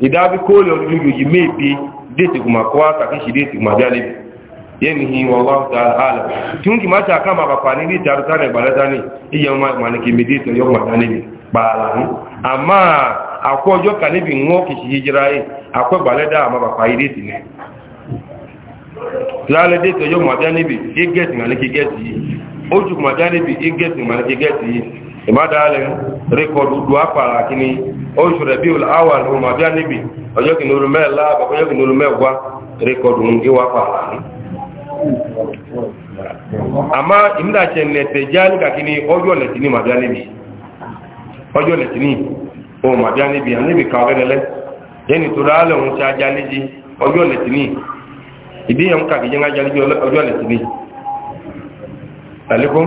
idabi kóòlì ọdún yìí méèbí déètì kùmà kọ́ àtàkì ṣe déètì kùmà jáde yẹ́nì hi wọ́wọ́ ta àlà tí wọ́n kì máa ṣàkà máa pàpà ní ní ìtàrù tánà ìgbàlẹ́ta ní iye ọmọ ìmọ̀lẹ́kì méjèèjì yọ kùmà jáde ní gbààlà ní àmà àkọ́ ọjọ́ kan níbi wọ́n kì í ṣe jira yìí àkọ́ ìgbàlẹ́dà àmà pàpà yìí déètì ní. lálẹ́ déètì ọjọ́ kùmà ìmádàálẹ̀ rékọ̀dù dùn àpàrà kìíní oṣù rẹ̀ bí àwọn ọmọ àbíá níbi ọjọ́ kìíní olú mẹ́ẹ̀lá ọjọ́ kìíní olú mẹ́ẹ̀wá rékọ̀dù ìwà àpàrà ní. àmá ìmúdàṣẹ́ nẹ̀tẹ̀ já níkà kìíní ọjọ́ lẹ̀tìní màbíá níbi ọjọ́ lẹ̀tìní ohun màbíá níbi àníbi kàwé lẹ́lẹ́ yẹni tó dáálẹ̀ òun ṣe ajá níji ọjọ́ lẹ̀tìní ìdí yẹn ń kàkìjẹ́ ń ajá níji ọjọ́ lẹ̀tìní. àlékún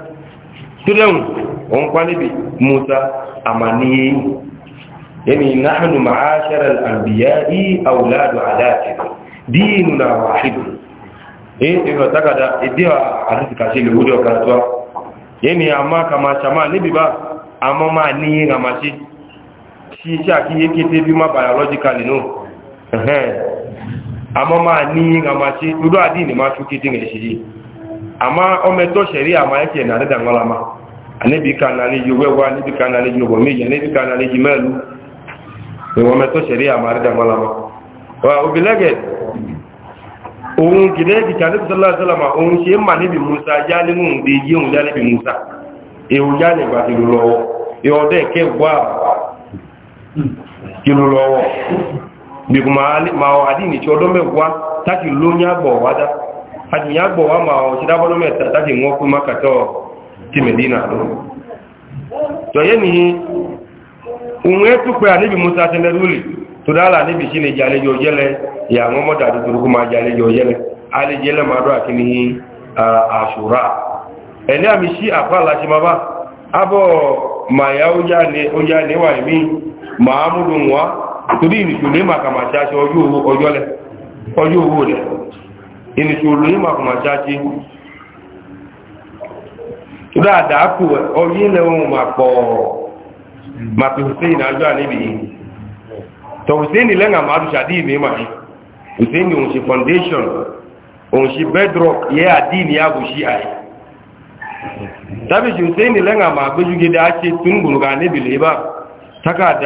tunan on kwani bi musa amani yani nahnu ma'ashara al-anbiya'i awladu alatin dinuna wahid eh ina takada idiwa arisi kashi le hudo karatwa yani amma kama chama ni biba amma ma ni ngama shi shi sha ki yake te bi ma biologically no amma ma ni ngama shi dudu adini ma shuki tinga shi ama ometo sheria ma yake na rida ngolama anabi kana ni yuwe wa anabi kana ni yuwe mi anabi kana ni jimelu ni ometo sheria ma rida ngolama wa ubilege ohun gidegi ti sallallahu alaihi wasallam ohun ma nabi musa ya ni bi ji ohun ya nabi musa e o ya ni gba ti lo e de ke gba ki lo lo bi kuma ma adini ta lo nya bo wada àjìyàn gbọ̀ wá máa ọ̀ṣẹ́ dábọ́lú mẹ́ta láti wọ́n kú mákàtọ́ ti medina tọ́yẹ́ ni ohun ẹ́ tó pẹ́ àníbi musa tẹ́lẹ̀ rúlì tó dáàlà níbi sí ni jàlejò ya ìyàwó mọ́dà dúdúrúkú máa jàlejò jẹ́lẹ̀ alẹ́jẹ́lẹ̀ máa dọ́ àti ní àṣùrà ẹ̀ní àmì sí àpá láti máa bá abọ́ màyà ó já níwà ìmí ini ṣòro ní màkùnmà ṣáṣí dáadáa kù ọyí ilẹ̀ ohun mà pọ̀ màtí na ajọ́ àníbì yìí tọ̀ hussein ma màádù ṣàdí ìbí na ní hussein òun ṣe foundation òun bedrock yẹ àdínì àbùṣí àyè tàbí ṣe hussein lẹ́nà mà taka ti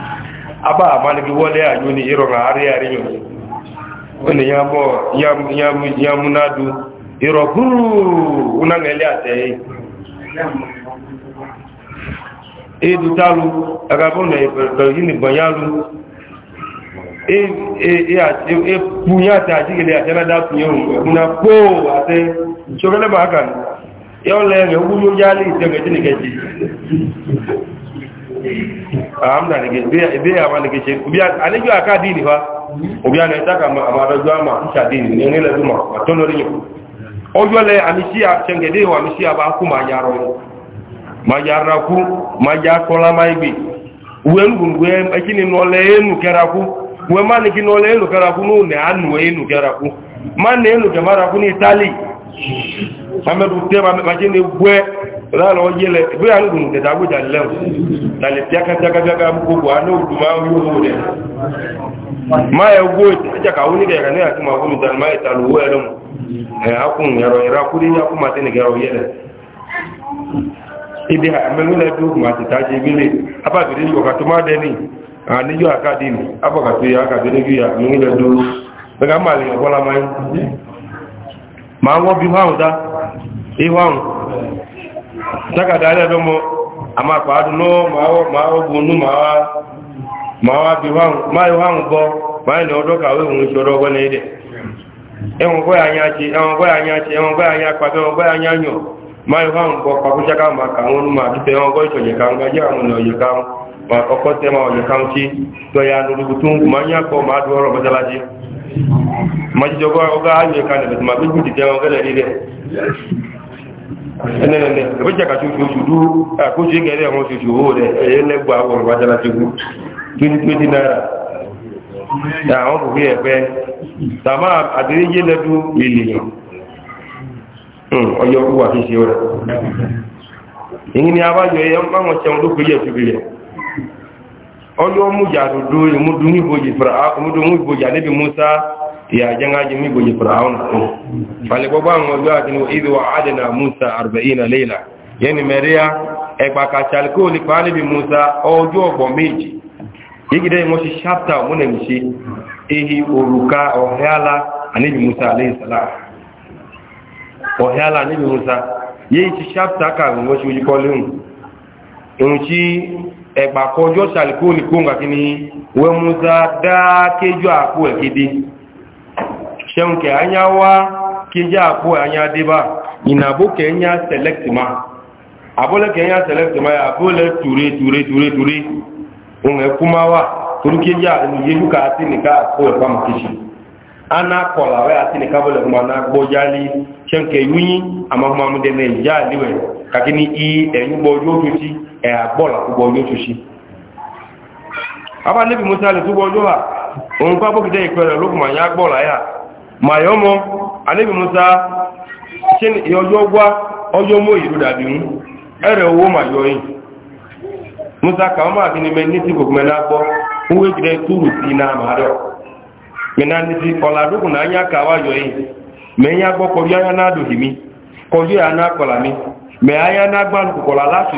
aba amaligi wale a yoni ari ari yoni wani yamo yam yam yamu nadu iro guru unangele ate e dutalu agabona e banyalu e e e ati e punya ta jigele na da punyo una po ate ba kan yo Ah, amna nige be ya wani kiche ubia anijua aka dini fa ubia anataka amadojo ama kisha dini ni ngele duma matolo rinyo ojole amishia chengede wa amishia ba ku majaro majara ku ma kola maibi uwen gungwe akini nole enu keraku we mani kinole enu keraku nu ne anu enu keraku mani enu kemara ku ni itali amedu tema majini gwe láàrín ọjẹ́ lẹ ìgbé àrùn ìdẹ̀dàgbòjà lẹ́wọ̀n lálẹ̀ tíákàtíákàtíákà gbogbo anóòdù máa ń yóò rẹ̀ máa ẹgbó ìjàkà oníkẹ̀ẹ̀kẹ́ ní àti máa gómìnà máa ìtàlùwó ẹ̀rọ̀mù ẹ̀hákùn ẹ̀rọ ìrákúrí yákùnmá tí nìkẹ́ ma takada alẹ́ ló a máa pàádùn náà máa ogun nú máa wá bí wáhùn bọ́ máa ní ọdọ́ kàwé òun ìṣọ́rọ̀ ọgbọ́n ẹ̀dẹ̀ anya gbọ́ àyá ti ẹwọ̀n gbọ́ àyá ti ẹwọ̀n gbọ́ àyá pàtẹ́ ẹwọ̀n gbọ́ àyá yàn máa wáhùn bọ́ pàkúṣáká máa kàwọn máa dúpẹ́ ẹwọ̀n gbọ́ ìṣọ̀yẹ̀ kan gbájẹ́ àwọn ọ̀yẹ̀ kan ọkọ̀ tẹ́ máa ọ̀yẹ̀ kan tí tọ́ya lórúkú tó ń máa yàn kọ́ ẹnẹ́nẹ́nẹ́ ẹ̀bí jẹ́ kàtí oṣù dúró àkóṣe gẹ̀ẹ́rẹ́ àwọn oṣù owó rẹ̀ ẹ̀yẹ́ lẹ́gbọ́ àwọn olùwájára ti kú 2020 náírà àwọn òkùnkùn ẹ̀fẹ́ àdéríyé lẹ́dú hmm, ọjọ́ wà fi ṣe rẹ̀ ya jangaji mi goje firaun ko fale bo ba ngo ga tin idh wa adna musa 40 layla yani maria e eh, pa ka chal li pale bi musa ojo bo meji igide mo si chapter mo ne mi ehi oruka ohala ani bi musa alayhi salam ohala ani bi musa ye ti chapter ka mo si oji ko leun ohun tí ẹgbàkọjọ́ ṣàlìkó nìkó ń gàkí ní wẹ́músá dákéjọ́ àpò ṣeun kẹ anya wa kí n jẹ́ anya débà ìnàbó kẹnya select ma àbólẹ̀ kẹnya select ma ture ture ture ture ohun ẹ̀kú máa wà torí kí ana kọ̀lá ati àti nìka bọ́lẹ̀ fún wa kẹ yúyín àmọ́ i ẹ̀yìn gbọ́ ojú ojú sí ẹ̀ àgbọ́là gbọ́ ojú musa mayomo anabi musa shin yojo gwa ojo mo iru dabi mu ere owo musa ka ma bi ni me ni ti na gbo uwe gide turu ti na ma do me na na anya ka wa yoyin me nya gbo ya na do himi ko ya na kola mi me aya na gba lu kola lati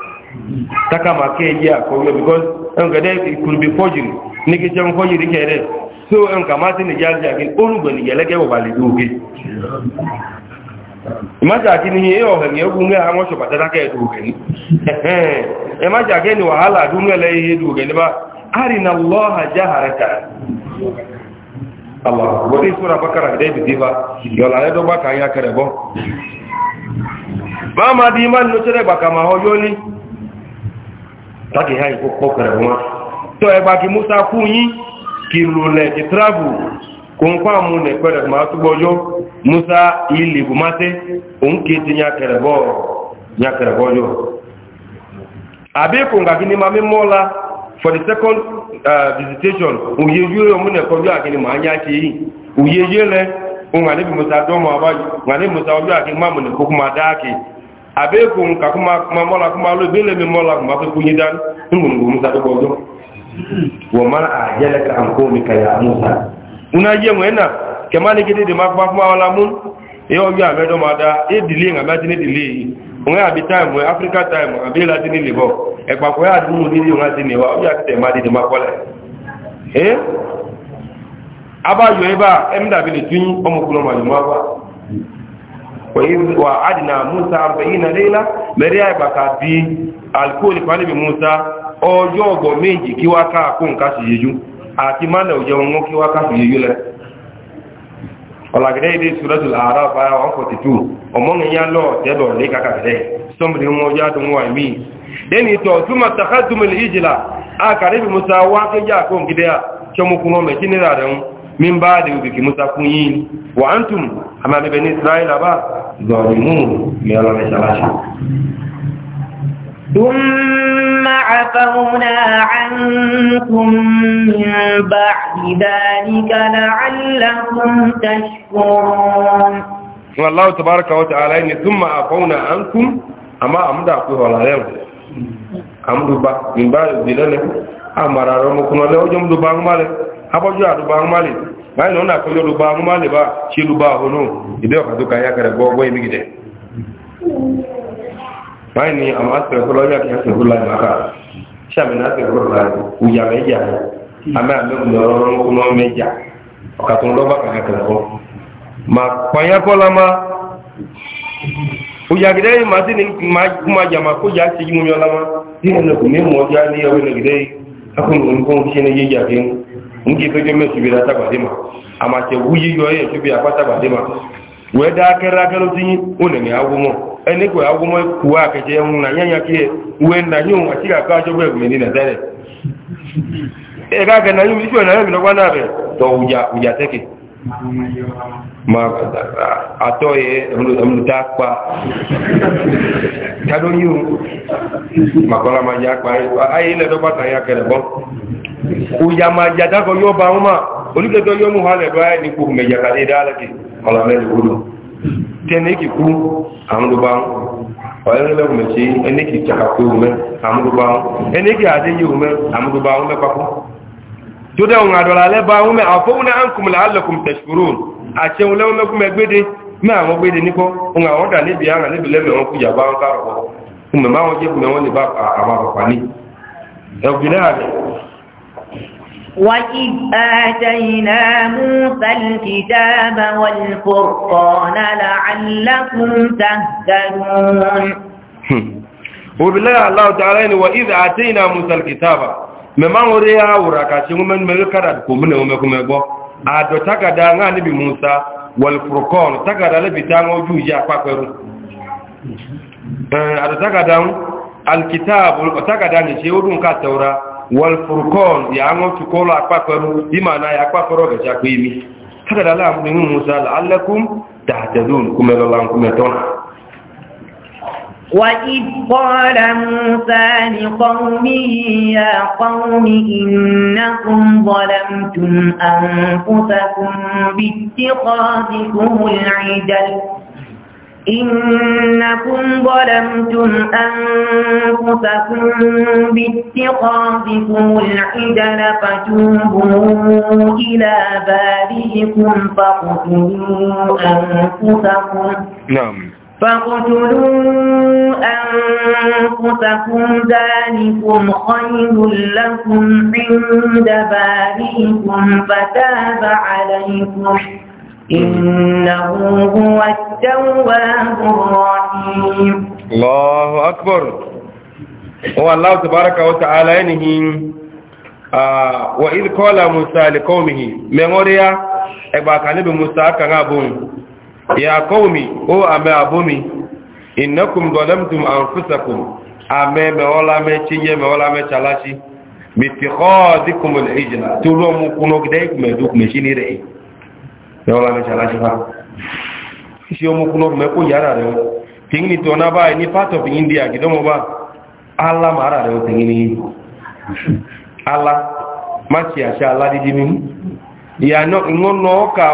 taka ma ke yi akɔyɔ because ɛnkɛ dɛ kurubi fɔjiri nege jɛn fɔjiri kɛ dɛ so ɛnkɛ ma ti ne yali yaki olu gbɛ ne yɛlɛ kɛ wɔ bali do ma jà kí ni e ɔhɛ ŋɛ kun ni e ma jà ni wàhálà dun ŋɛ lɛ ni ba arina lɔha ja hara ala bakara bi ya kɛrɛ ma di tàbí ha ìkó pọ̀kẹ̀rẹ̀ wọn tó ẹgbà kí musa kú yí kí lòlẹ̀ kí tíráàbù kò ń kọ́ àmú nẹ̀ pẹ̀rẹ̀ máa túbọ̀jọ́ musa ilé bù òun kì í ti nyakẹ̀rẹ̀ bọ́jọ́ àbí kò ń gàgí ní ma mí ọla for the second uh, visitation òye yóò máa ń yá ṣe yìí òye yé òun àníbi òun àníbi musa ọjọ́ abekum kakuma kuma mola kuma lo bele mola kuma ko kunyi dan e ngum ngum sa do an ya musa una je mo ena gidi de kuma wala mun yo do mada e dili nga ma tini dili on ya time we africa time abi la tini libo e pa ko ya dun ni yo wa ya te ma di de eh aba yo eba emda bi ni tun ma yo ma wa adina musa arba'ina leila mẹ́rẹ́ àìbàkà bí alkóòlì fánibì musa ọjọ́ ọgbọ̀ méjì kí wá káàkún káṣì yíjú àti mánà òjẹ́ wọn kí wá káṣì yíjú lẹ ọ̀làgẹ́dẹ́ ilé ṣúrẹ́tù ààrá báyá 142 ọmọ́nà yá lọ tẹ́lọ̀ lé kàkàgẹ́dẹ́ sọmọdé wọn ọjọ́ adùn mi. mí ito, tọ́ túnmọ̀ tàkàtùmọ̀ ìjìlá àkàrẹ́bì musa wá kéjà kóǹgídẹ́ ṣọmọkùnrin ọmọ ìjìnlẹ̀ rẹ̀ min ba da yubi ki musa kun yi wa antum amma da bani isra'ila ba zalimun mai ala mai salashi ثم عفونا عنكم من بعد ذلك لعلكم تشكرون والله تبارك وتعالى ثم عفونا عنكم أما أمدا أقول ولا أمدو با من بعد ذلك أمر رمكم الله وجمدو بانمالك أبو جاء بانمالك báyìí lọ́nà àkójọ́ ló bá mú má lè bá ṣe ló bá ọ̀nà ìdẹ́ ọ̀kà tó kàyà kẹrẹ gbọ́gbọ́ ìmì gidẹ̀ báyìí ni àwọn asẹ̀rẹ̀kọ́lọ́ yà kí asẹ̀rẹ̀kọ́lọ́ yà máa ṣàmìnà asẹ̀rẹ̀kọ́lọ́ yà òyà mẹ́jà àmì àmẹ́kùnrin ọ̀rọ̀ ọ̀rọ̀ mẹ́jà ma yìí ni ṣe ngi fege me subira tagbadema a te wuyi yo ye tubi akpatagbadema wee daa kere akelo tinyi unenge agwụmọ enekwe agwụmọ kuwa akeche ya na nyanya kie uwe nna nyi ụwa chika aka achọba egwule ni nazare ega ke na nyi isi na ya e na abịa tọ ụja ụja teke ma atɔ ye amuta kpa tado yiwu makɔla ma ya kpa ayi lɛ dɔ bata ya kɛlɛ bɔ ojamaja dakɔ yɔ ba ŋuma olu kɛ dɔ yɔ mu hã lɛ dɔ ayi ni ko mɛ jaka de da ala ke ɔlɔ mɛ lɛ wolo tɛ ne ki ku amudu ba ŋu ɔyɛ lɛ mɛ tsi ɛne ki tsaka ko mɛ amudu ba ŋu ɛne ki ade yi mɛ amudu ba ŋu mɛ kpakpo to dɛ ŋa dɔ lɛ ba ŋu afɔwuna ankum la alakum tɛsikurun àṣẹun lẹ́wọ́mẹ́kú mẹ́gbéde mẹ́ àwọn gbéde níkọ́ ohun àwọn ọ̀dà níbi ara níbi lẹ́mẹ̀ kú yàbá ń kárọ̀ wọn mẹ́ máa wọn jẹ́ fún wọn lè bá àwọn àpapà ní ẹgbẹ́ náà rẹ̀ وَإِذْ آتَيْنَا مُوسَى الْكِتَابَ وَالْفُرْقَانَ لَعَلَّكُمْ تَهْتَدُونَ وبالله الله تعالى وإذ آتينا موسى الكتاب مما وريها وركاشي ومن ملكرت كمنا ومكم يبقى ado takada nga nabi musa wal furqan takada nabi tango juja paperu eh, ado takada al kitab takada ni sheudun ka taura wal furqan ya ngo tukolo paperu imana ya paperu ga chakwimi takada la musa la'allakum tahtadun kuma lalan kuma tona وإذ قال موسى لقومه يا قوم إنكم ظلمتم أنفسكم باتخاذكم العجل إنكم ظلمتم أنفسكم باتخاذكم العجل فتوبوا إلى بارئكم فاقتلوا أنفسكم نعم فاقتلوا أنفسكم ذلكم خير لكم عند بارئكم فتاب عليكم إنه هو التواب الرحيم الله أكبر هو الله تبارك وتعالى إنه آه وإذ قال موسى لقومه من وريا إبقى نبي كان أبوه ya qaumi o ame abomi innakum zalamtum anfusakum ame me ola me chiye me ola me chalachi bitikhadikum al-ijla tulu mu duk me shini re me ola me ha isi o mu kuno yara re tingni to na ba part of india gidomo ba ala mara re o tingni ala machi ala ya no ka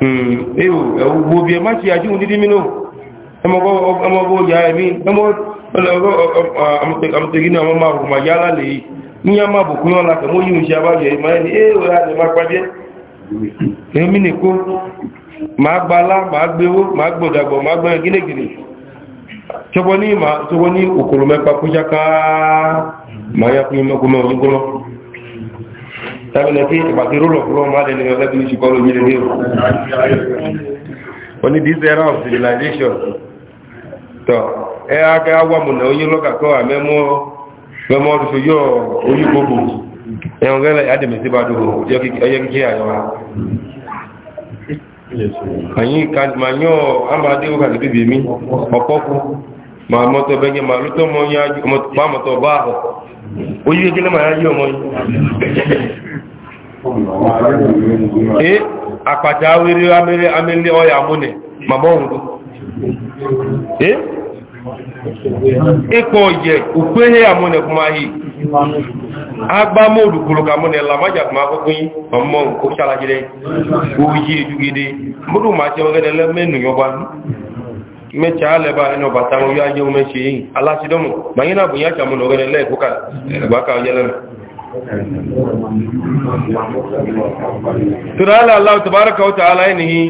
gbogbo ẹ̀ má ṣe àjíhùn dídí mínú ẹmọ́gbọ́ ya ẹ̀mí àmọ́tẹ̀gínú àwọn máa rùmà yá lálẹ́ yìí ma a máa bùkún yọ́ látẹ̀ mọ́ yíò ṣe àbáyẹ̀ ìmọ̀ ẹni èèwọ̀ ma máa pàdé ma nìkó máa gbalá máa gbéwó máa gbọ̀dàgbọ̀ máa gbọ́n gínègìnì ṣọ́gbọ́n ní òkòrò mẹ́pa kújáká máa yá fún tábìlẹ̀ tí ìpàtí rólọ̀ fún ọmọ adẹni ọlẹ́bí ní ṣùkọ́ lómi lẹ́lẹ́ o oní this era of civilization tọ́ ẹ akẹ́ awọ́mùnà oyún lọ́kàkọ́ àmẹ́mọ́ mẹ́mọ́ ṣojú oyún gbogbo ẹ̀hùn gẹ́lẹ̀ adẹ̀mẹ̀sí bá dùn ọyẹ́ kíkí àyọ́wá àyín kàdìmáyọ́ amáadé ó kàdì bíbí mi ọ̀pọ̀kú màá mọ́tọ́ bẹ́gẹ́ màá lótọ́ mọ́ yá ọmọ ojú ìgbélé máa yí ọmọ e ẹ́ àpàtà awérí amẹ́lẹ́ ọya múnẹ̀ la ma tó ẹ́ ipò ọ̀yẹ̀ òpéhé àmúnẹ̀ kú máa yìí agbámọ́ olùkúrò kàmúnẹ̀ làmájà mẹ́ta alẹ́bà ẹnà bàtà wọn yóò ayéwọ́ mẹ́ṣe yìí aláṣídọ́mù mayínà bùnyá ṣàmùnà ọ̀rẹ́ lẹ́ẹ̀kọ́kà ẹgbàkà ọyẹ́lẹ́nu tùràlà aláwọ̀ tàbárakà ọ̀tà aláìníhí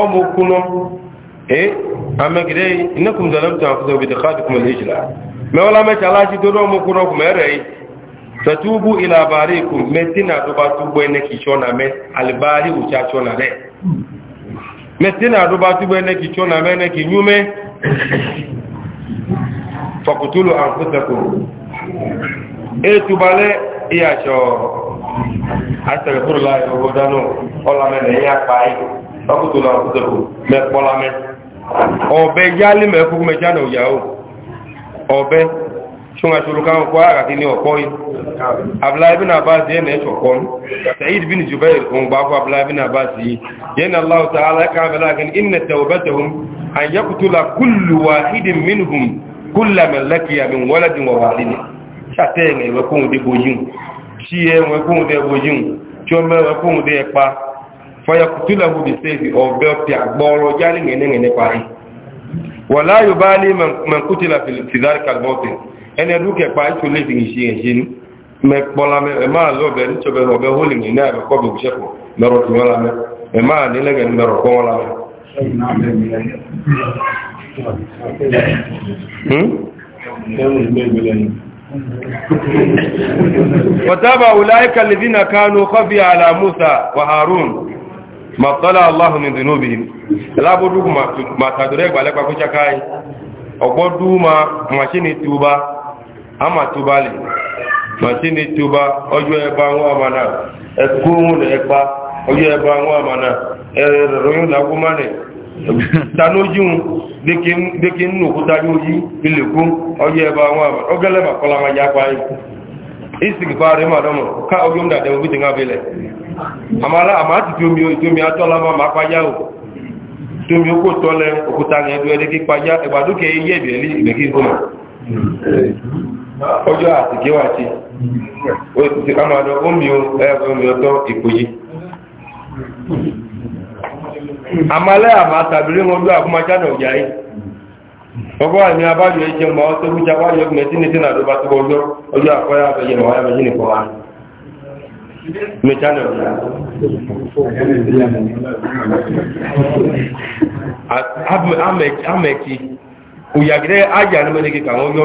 ọmọ okúnná eh amẹ́gidẹ́ inẹ́kùn zalamta àfúsọ̀ bìtẹ̀ káàdùkùn lẹ́ṣìlá mẹ́wọ́lá mẹ́ta aláṣí tó dọ́ ọmọ okúnná tatubu ila barikum metina to ba tubo ene ki chona me albari ucha chona re meti na adụba tugbo ene chụọ na meneki nyume fakutulu anfusakum etubale iyacho e astagfirullah yobodanu e olame na ihe akpa yi fakutulu anfusakum mekpọlame ọbẹ yálé mẹfúkú mẹjánà òyàwó ọbẹ tun a shuru kan kwa ga kini o koi abdullahi ibn abbas yana ya chokon sa'id bin jubair on ba ko abdullahi ibn abbas yana allah ta'ala ka bala kan inna tawbatahum an yaqtula kullu wahidin minhum kullu man laqiya min waladin wa walidin shate ne we ko de bojun ti e we ko de bojun cho me we ko de pa fa yaqtulahu bi sayfi o be pi agboro jali ngene ngene pari wala yubali man kutila fi dhalika al-mawtin ẹni ẹdún kẹpa ètò lè fi ṣe ẹ̀ṣẹ́ ní mẹ́pọ́lá máa lọ́bẹ̀ nítorí ọbẹ̀ hólì ní náà ẹ̀kọ́ bí òṣèpọ̀ mẹ́rọ tí wọ́n lámẹ́ ẹ̀ máa nílẹ̀gẹ̀ ní mẹ́rọ kọ́ lámẹ́ وتابع أولئك الذين كانوا خفي على موسى وهارون ما طلع الله من ذنوبهم لا بدوك ما تدرك ama tuba li matini tuba ọjọ́ ẹba ń wọ́n mana ẹkú ń ẹpa ẹba ń wọ́n mana ẹrọ̀rọ̀yún lágúnmá nẹ̀ tanójúun dékí ẹba ń mana ma yá pa yìí ìsìnkú rẹ̀ ma dọ́mọ̀ ká ọjọ́ ń dàdẹ̀ òbí ti ń abẹ́lẹ̀ àmàlà àmà ti tómi tómi atọ́lá pàjá o ó kò òkúta pàjá ọjọ́ a òtìtì amàdọ̀ omi ọ̀tọ́ ìpòyí àmàlẹ́ àmà tàbílé wọn lóà fún machada yìí ọgbọ́ àmì abájọ ẹjẹ ma ọ́ tó gúnjẹ wáyọ mẹ́tíni tí nàdó bá túbọ̀ ọjọ́ ọjọ́ àkọ́yà abẹ́yẹ wáyà mẹ́tíni kọ́ wá mẹ́tíni ọjà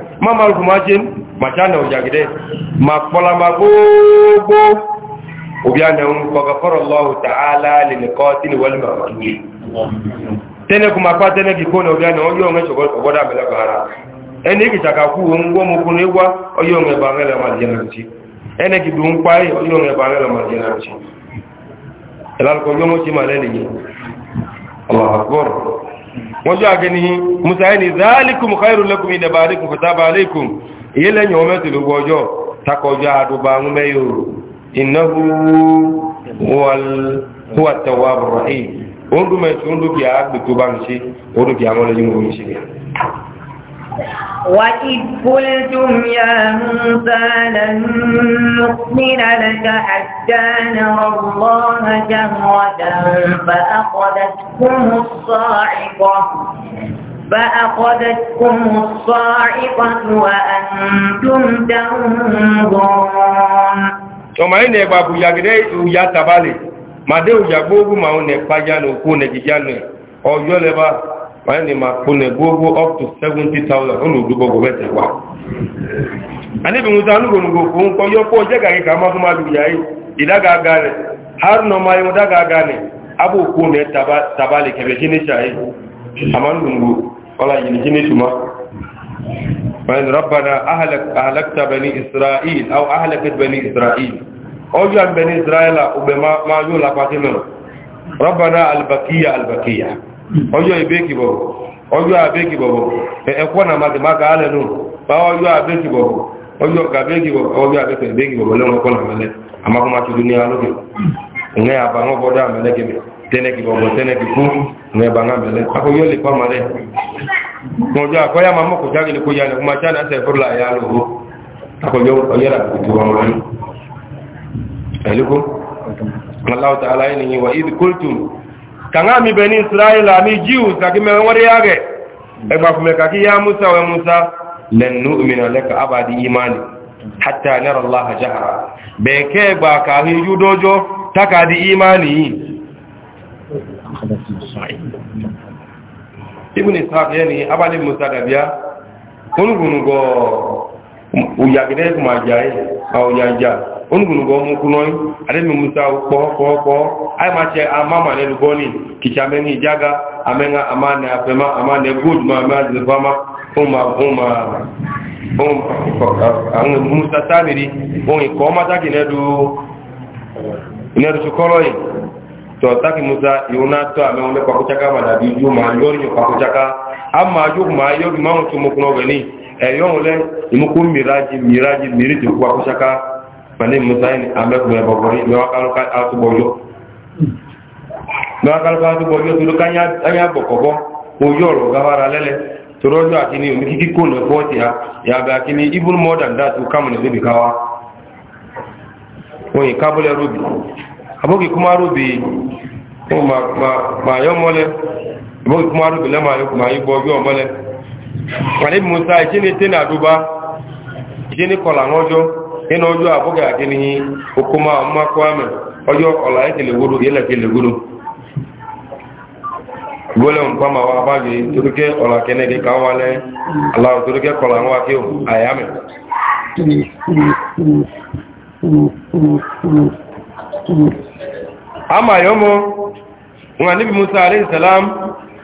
ma ma rukuma jen ma ca na ojagide ma kpola ma gbogbo obi ana n kọka fọrọ lọhụ ta'ala lè nìkọ tí ni wọlé màmá ní tẹ́nẹ̀ kuma pa tẹ́nẹ̀ kí kóna obi ana ọyọ́ ọ̀nà ṣọ̀gọ́ ọgbọ́dá mẹ́lẹ́ kọ̀hara ẹni kì sàkà kú òun gbọ́ mu kún ewa ọyọ́ ọ̀nà ẹ̀bà mẹ́lẹ́ ma jẹ́ náà ti ẹni kì dùn pa ẹ̀ ọyọ́ ọ̀nà ẹ̀bà mẹ́lẹ́ ma jẹ́ náà ti ẹ̀lá wọ́njọ́ agẹnihi musa ẹni záàlìkùn kairu lẹ́kùn ìdẹ̀bàríkùn fẹ̀tàbà aléìkùn ìyẹ́lẹ̀ yàn mẹ́sì ló gbọ́jọ́ takọjọ́ àdúgbà mẹ́yò ìnáwó wàtàwà rọ̀ وإذ قلتم يا موسى لن نؤمن لك حتى نرى الله جهرة فأخذتكم الصاعقة فأخذتكم الصاعقة وأنتم تنظرون ọmọ yìí nẹ̀gbà bùyàgídé ìyá tàbálẹ̀ màdé òyàgbógún màá nẹ̀pá jánu kó nẹ̀jì jánu ọjọ́ lẹ́bàá wọ́n ni máa kún ẹgbógó up to 70,000 olùdúgbò gọ́mẹ́tẹ̀ wà. aníbìmúta anúgbòmùgbò kò kọ yọ́pọ̀ jẹ́ kàríkà máa fún alùyà ìdágagá rẹ̀ haruna ma yíò dágagá rẹ̀ abòkú rẹ̀ tàbálì kẹfẹ́ kí ní ṣàyí àmàlùgbò ọlá yìí kí ní túnmá wọ́n rọ́bàdà ahàlẹ́kta bẹni israel au ahàlẹ́kta bẹni israel ọjọ́ àbẹni israel máa yóò lápá sí albakiya albakiya ọjọ́ ìbéèkì bọ̀bọ̀ ọjọ́ àbéèkì bọ̀bọ̀ ẹ̀kọ́ nà máa tẹ̀má kàá lẹ́nu bá ọjọ́ àbéèkì bọ̀bọ̀ ọjọ́ kàbéèkì bọ̀bọ̀ ọjọ́ àbéèkì bọ̀bọ̀ lẹ́wọ̀n ẹ̀kọ́ nà mẹ́lẹ́ àmàkùnmá tuntun ní alókè ŋɛ abaŋɔ bɔ dɛ amɛlɛ kɛmɛ tɛnɛki bɔbɔ tɛnɛki na sɛ la ya lò ó akɔ yɔ ɔyɛra kutu yi ni wa ibi kultum kanga mi beni israila mi jiu saki me wori yage e ba kuma kaki ya musa wa musa lan nu'mina laka abadi imani hatta nara allah jahra be ke ba ka hi judojo takadi imani ibn ishaq yani abadi musa da biya kun ujagide kuma jaye au yanja onugunu go mu kunoi ade mi musa po po po ai ma che amama ne lugoni kichameni jaga amenga amane apema amane good ma ma zifama uma uma um ang musa tabiri bon ko ma taki ne du ne du koloi to taki musa yuna to ame onde kwa kuchaka ma na biju ma yori kwa kuchaka ama ju ma yori ma mutumu kuno gani ɛyɔn lɛ imuku miraji miraji miri ti kuwa kusaka fani musa yi amɛ kumɛ bɔbɔri mɛwa kalo ka atu bɔjɔ mɛwa kalo ka atu bɔjɔ toro k'anya anya bɔkɔbɔ oyɔ lɔ gabara lɛlɛ toro yɔ akini omi kiki ko nɛ fɔti ha yabe akini even more than that o kamu ne bebi ka wa oyin kabulɛ robi aboki kuma robi o ma ma ma yɔ mɔlɛ aboki kuma robi lɛ ma yɔ kuma yi bɔ yɔ mɔlɛ. wani musa ìṣe aduba tẹ́nà àdúbá ìṣe ni kọlà ọjọ́ nínú ọjọ́ àbúgà àti ní okùnmá ọmọkọ́ àmì ọjọ́ ọ̀là ẹ̀kẹ̀lẹ̀ gbódò yẹ́lẹ̀kẹ̀lẹ̀ gbódò gbólẹ̀ nǹkan máa wá bá gbé torókẹ́ ọ̀là kẹ́nẹ́gẹ́ ká ama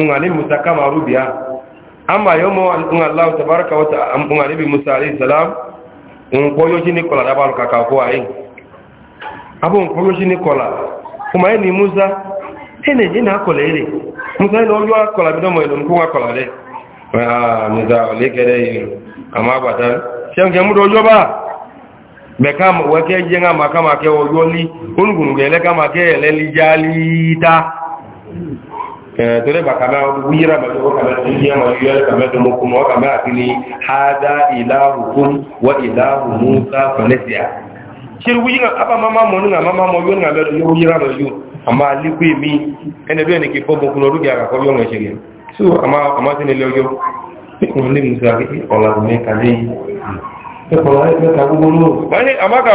ngani musa kama rubiya amma yomo ngallahu tabaraka wa ta'ala ngani bi musa alayhi salam nkoyo chini kola dabaru kaka ko ai abo nkoyo chini kola kuma ni musa ene kola ile musa ile ojo kola bidomo ile nko kola le ah musa ole kede ama gbata shem ka mu dojo ba beka weke jenga makama ke oyoli unugun gele kama ke tore ba kama wira ma ko kama tiya ma yiyar kama da muku ma kama akini hada ilahukum wa ilahu musa fa nasiya shir wuyinga aba mama mo nga mama mo yonga be yo wira ma yo ama liku mi ene be ne ki fo boku no ruga ka ko yonga shege so ama ama tene le yo ko le musa ki ola me ka ni ko ola me ka bu no wani ama ka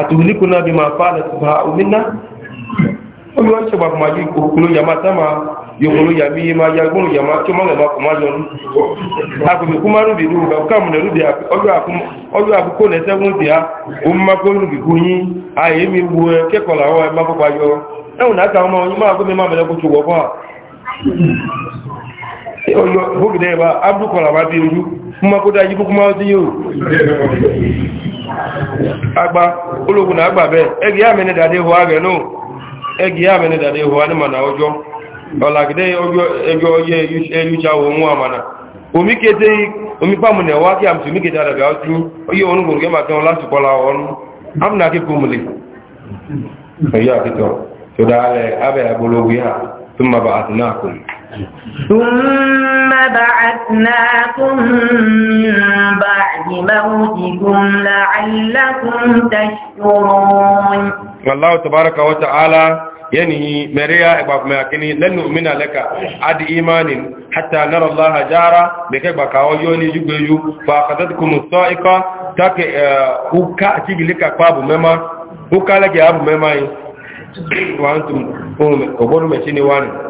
atuhlikuna bima fa'ala subha'u minna oyo se ba ma ji kokulu jama tama yami ma ya gbonu ma ma kuma yon aku kuma ru du ba kam ne ru bi oyo aku oyo aku ko ne dia o ma ko ru bi kunyin aye mi bu e ke ma ko pa e una ka mo yin ko ma me ko tu wo oyo bu de ba abdu ko bi ju mmakwụta ji bụkwa mmadụ agba ụlọgwụ na agba bee egi ya mene dada ịhụ no nụ ya mene dade ịhụ anị mana ọjọ ọlagide ego onye eyucha wụ nwa mana omikpa m na-ewe aka ya msi omikete adabịa otinye oye onugbo nke maka ọla la ọnụ am na akịkọ omule oyi akịtọ tụdaalị abịa ya ogwu ya tụmmaba atụnakụ ثم بعثناكم من بعد موتكم لعلكم تشكرون والله تبارك وتعالى يعني مريا إباك مياكني لن نؤمن لك عد إيمان حتى نرى الله جارا بك بكاو يوني جبيجو فأخذتكم الصائقة تاك أوكا تيجي لك أقباب مما أوكا لك أبو مما وأنتم أبو مشيني وانتم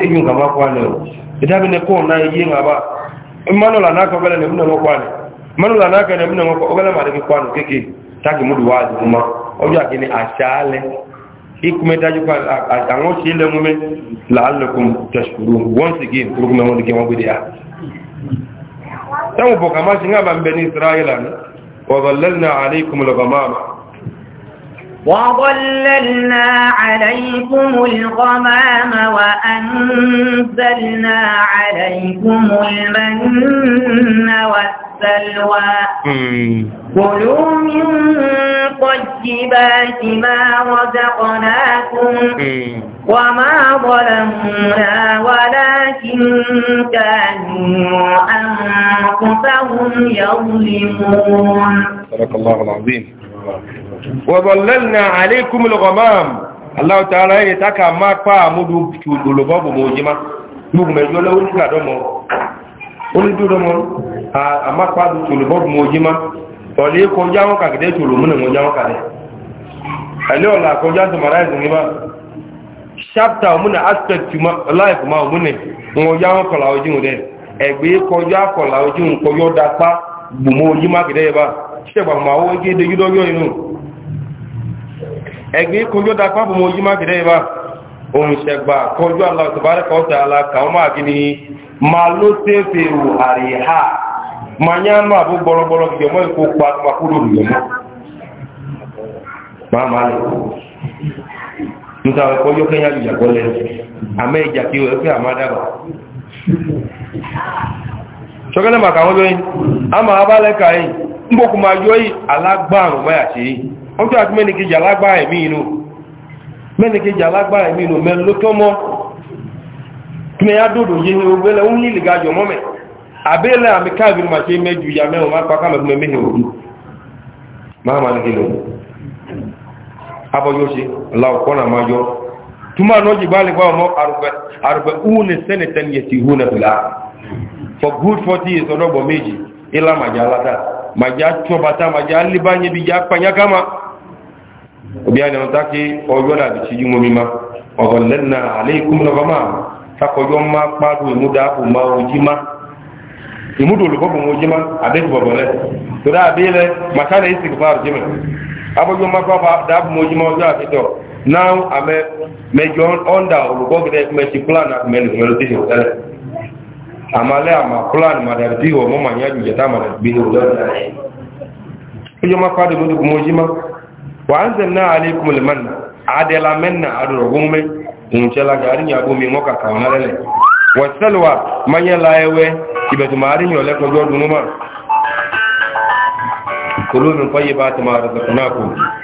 igi nga ma kwane o idabi ne ko na igi nga ba manu la na ka bele ne mna kwane la na ka ne mna ko bele ma de kwane keke taki mudu wazi kuma obya kini ikume daji kwa ango chile mume once again kuru kuma wonde ke mabudi ya mbeni israila wa dhallalna alaykum al-ghamama وظللنا عليكم الغمام وأنزلنا عليكم المن والسلوى كلوا من طيبات ما رزقناكم وما ظلمنا ولكن كانوا أنفسهم يظلمون صدق الله العظيم wọ̀bọ̀lẹ́lẹ̀ àlékúmùlọ̀gọ̀mọ́m aláwọ̀tàrà ẹ̀yẹ tákà máa pa àmúdù olùbọ́bù mọ̀jímá gbogbo ẹjọ́ lẹ́wọ́n nígbàdọ́mọ́ onídúdọ́mọ́ àmápàdù olùbọ́bù mọ̀jímá ọ̀lẹ́ kọjá wọn kàkẹ́dẹ́ tòrò múnà wọn já wọn kàlẹ̀ ẹ̀lẹ́ ọ̀là kọjá sọmaráìsì ní máa ṣáptà múnà aspect life máa múnà wọn já wọn kọlà ma rẹ̀ ẹ̀gbẹ́ kọjá kọlà Segba ma owó gé de yúdọ́ yọ inú ẹgbẹ́ kojú da pápọ̀ mọ́ yíma gẹ̀rẹ́ ìbá ohun ṣẹgbà kojú aláwọ̀tẹ̀bárẹ́kọ̀ ọ̀tẹ̀ alákàwọn máa gini ma ma nyá nù àbú gbọ́rọ̀gbọ́rọ̀ gẹ̀mọ́ ma pa pàkúrò gẹ̀mọ́ a máa mbọ̀ kò máa yọ́ yìí alágbàrùn máa ṣe yìí wọ́n tó àti mẹ́nìkejì alágbàrà ẹ̀mí inú mẹ́nìkejì alágbàrà ẹ̀mí inú mẹ́rin ló tọ́mọ́ kí ni adódò yìí ogbẹ́lẹ̀ ń nílì gajọ mọ́mẹ́ àbẹ́lẹ̀ àmì káàbìrì máa ṣe mẹ́jù ya mẹ́rin máa pa káàmì fún mẹ́rin òbí máa máa nìkejì lọ abọ́jọ́ ṣe láòkọ́nà máa yọ túmọ̀ náà jì báàlì bá ọmọ àrùbẹ̀ for good forty years ọdọ́gbọ̀ méjì ìlàmàjà aládàá maja chobata maja libanye bija panya kama obiani mtaki oyola bichiju mumima wadhallalna alaykum laghamam takoyoma padu imuda uma ujima imudu lugogo mujima adetu babole tura abile makana istighfar jima aboyoma baba dabu o oza kito now ame mejon onda lugogo de mechi plan ak melu melu tisi tele amale ama plan madarbi wa mama nyanyu jata madarbi hiyo mafadi mundu kumujima wa anzalna alaykum almanna adela manna adurugume unchela gari ya bumi ngoka kaunalele wasalwa manyala ewe ibetumari nyole ko jodunuma kulunu tayyibati ma razaqnakum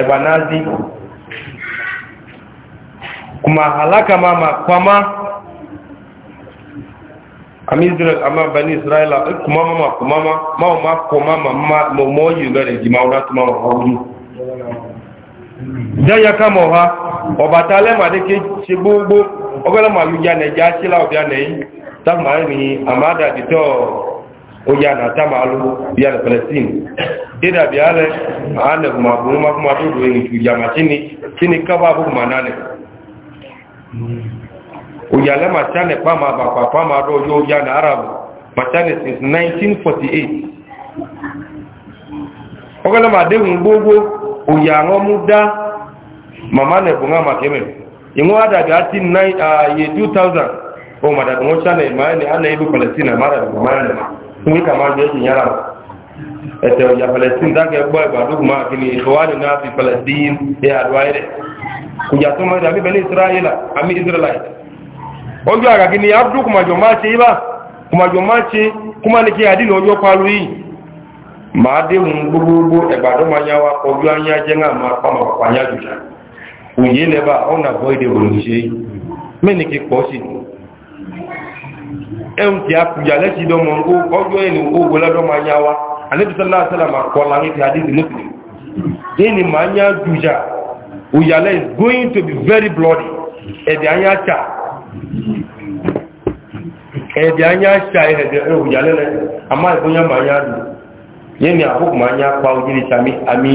ẹ̀gbà náà dí kuma halaka ma eh, ma kwama am israel ama bani israel kuma ma ma kuma ma ma ma kuma ma ma mo mo yi ga re jima ora tuma ma horu da ya kama ha obatale ma de ke chigbugbo obele ma lu ya ne ja sila obia ne yi ni amada dito oya na tamalu ya na palestine ida biale ana kuma kuma kuma to do yin ju jama chini chini kaba bu manane oya la ma chane pa ma ba pa pa ma do yo ya na arab ma chane since 1948 ogala ma de un gogo oya ngo muda mama ne bunga ma keme ingo ada ga tin nai ah, ye 2000 o ma da ngo chane ma ne ana ibu palestine mara da mara ní kàmá jẹ́ ti yára ẹ̀tẹ̀ ọjà palestine dákẹ́ gbọ́ ìgbàdógún máa kí ni ìṣòwádìí náà fi palestine ẹ̀ àdúrà rẹ̀ kùjà tó mọ́ ìdàbí bẹ̀lẹ̀ israẹla àmì israelite ọjọ́ àgàgì ni abdul kùmàjọ máa ṣe ibà kùmàjọ máa ṣe kúmà ní kí àdínà ọjọ́ palu yìí máa déhùn gbogbogbò ẹ̀gbàdọ́ máa yá wa ọjọ́ anyá jẹ́ náà máa pàmò pàpà yá jùlọ òye lẹ́bà ọ̀nà ẹ̀hùn tí a kùjà lẹ́sì dọ́mọ̀ ọjọ́ ẹni owó lọ́dọ́mọ̀ ya wa alẹ́bìsọ́lá sẹ́lẹ̀mà kọlá ní ti àdíjì muslim ẹni ma ń yá jùjà òyàlẹ́ is going to be very bloody ẹ̀dẹ̀ anya ẹ̀dẹ̀ ẹ̀dẹ̀ òyàlẹ́ àmá ma ń yá dù àkókò ma ń yá pa ojú àmì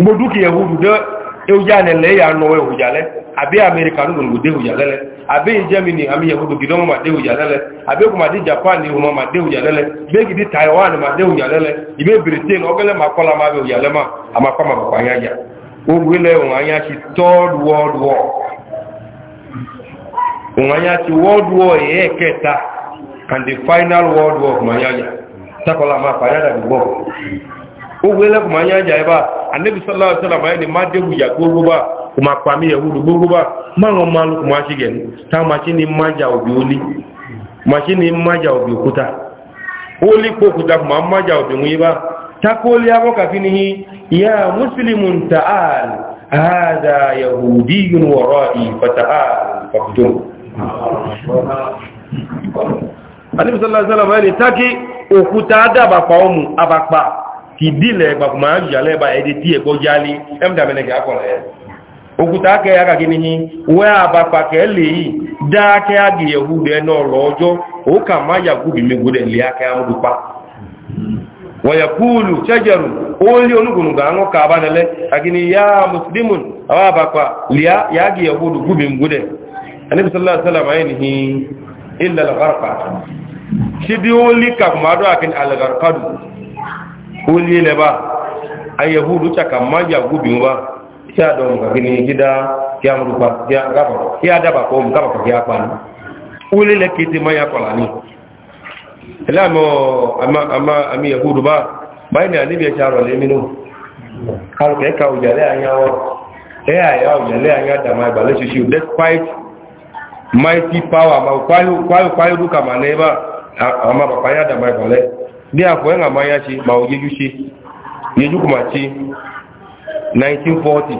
gbogbo abe germany ami yahudu gidomo ma dewu yalele abe kuma di japan ni huma ma dewu yalele be gidi taiwan ma dewu yalele ibe britain ogele ma kola ma be yalema ama kwa ma kwa yaja ogwele onanya ki third world war onanya ki world war ye keta and the final world war ma yaja takola ma kwa yaja gbo ogbe lẹ́kùn máa ń yá jà ẹ bá anabi sallallahu alayhi wa sallam ayé ni má débu ìyà gbogbo bá kò máa pa mí ẹ̀wúrú gbogbo bá má wọn máa lókun máa ṣe gẹ̀ẹ́nu tá màṣíní má jà òbí olí màṣíní má jà òbí òkúta olí pò òkúta kò máa má jà òbí wọn yé bá tako olí abọ́kàfí ni ìyá mùsùlùmù ta'al hada yahudi yun wọ̀rọ̀ ìfàtà'al fàkùtò anabi kìdí lẹ gbàkùnmá yàlẹ bá ẹdí tí ẹgbọ́ yálé ẹmdàmẹ́lẹ̀ kìí akọ̀lẹ̀ ẹ̀ òkúta kẹ́ agagini yìí wẹ́ àbàpàkẹ́ lè yìí dákẹ́ agìyẹ̀wú rẹ̀ náà lọ ọjọ́ ó kà má yàgùbì mẹ́gbọ́dẹ̀ lè akẹ́ amúdùpá wọ̀yẹ̀kúùlù ṣẹ́jẹ̀rù ó lé onúgbùnùgbà àwọn kàbánilẹ́ agini yá mùsùlùmùn àwọn àbàpà lè yàgìyẹ̀wú rẹ̀ gùbì mẹ́gbọ́dẹ̀ anábìsọ́lá wuli ne ba a yahudu caka maja gubin ba sha don ga gini gida ya murufa ya gaba ya daba ko mu gaba ko ya kwana wuli ne kiti ma ya kwala ni ilamo ama ama ami yahudu ba bai ne ani be charo le minu kalu ke ka ujale anya wo e aya ujale anya da ma ba mighty power ma kwalu kwalu kwalu duka ma ne ba ama ba ya da ma bí àpò ẹ̀rà máa yá ṣe ma ò yéjú ṣe yéjú kò ṣe 1940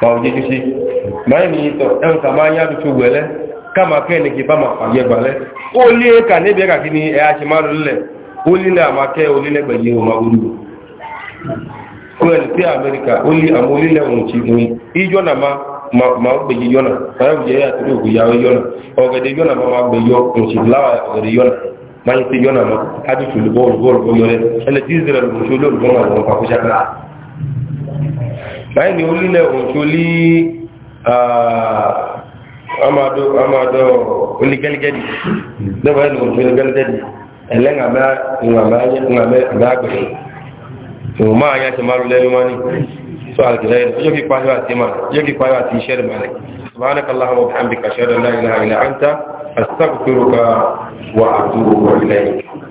ma ò yéjú ṣe báyìí ni ìtọ̀ ẹ̀ǹkà máa yá lùtù wẹ̀lẹ́ káàmà kẹ́ẹ̀ni kì bá ma fàyẹ gbalẹ́ ó lé ẹ̀kà e níbi ẹ̀kà kí ni ẹ̀ a ṣe máa lulẹ̀ ó lílẹ̀ àmàkẹ́ olílẹ̀gbẹ̀yẹ ọmọ olú ó ẹni pé amẹ́ríkà ó lé àwọn olílẹ̀ ohun ti mú ijọ́ náà ma ma ó gbèyí yọ́nà báyọ̀ jẹ́ àtúrò òkú yàwó yọ́nà ọ̀gẹ̀dẹ̀ yọ́nà ma ma gbèyọ òṣìláwà ọ̀gẹ̀dẹ̀ yọ́nà maye ti yɔna ma hali tulu bɔɔlu bɔɔlu bɔ yɔrɛ ɛnɛ ti zira lu muso lolu bɔ ma lɔn ka kusa kan maye ni olu lɛ musoli amadu amadu oli gɛligɛli ne bɛ ni musoli gɛligɛli ɛlɛ ŋa bɛ ŋa bɛ ŋa bɛ ŋa bɛ agbɛ o ma ya tɛmɛ alu lɛ lumani so alikɛlɛ yɛlɛ yɔ ki kpa yɔ ati ma yɔ kpa yɔ ati sɛri ma lɛ subhanakallahu wa bihamdika ashhadu an la ilaha illa anta أستغفرك وأتوب إليك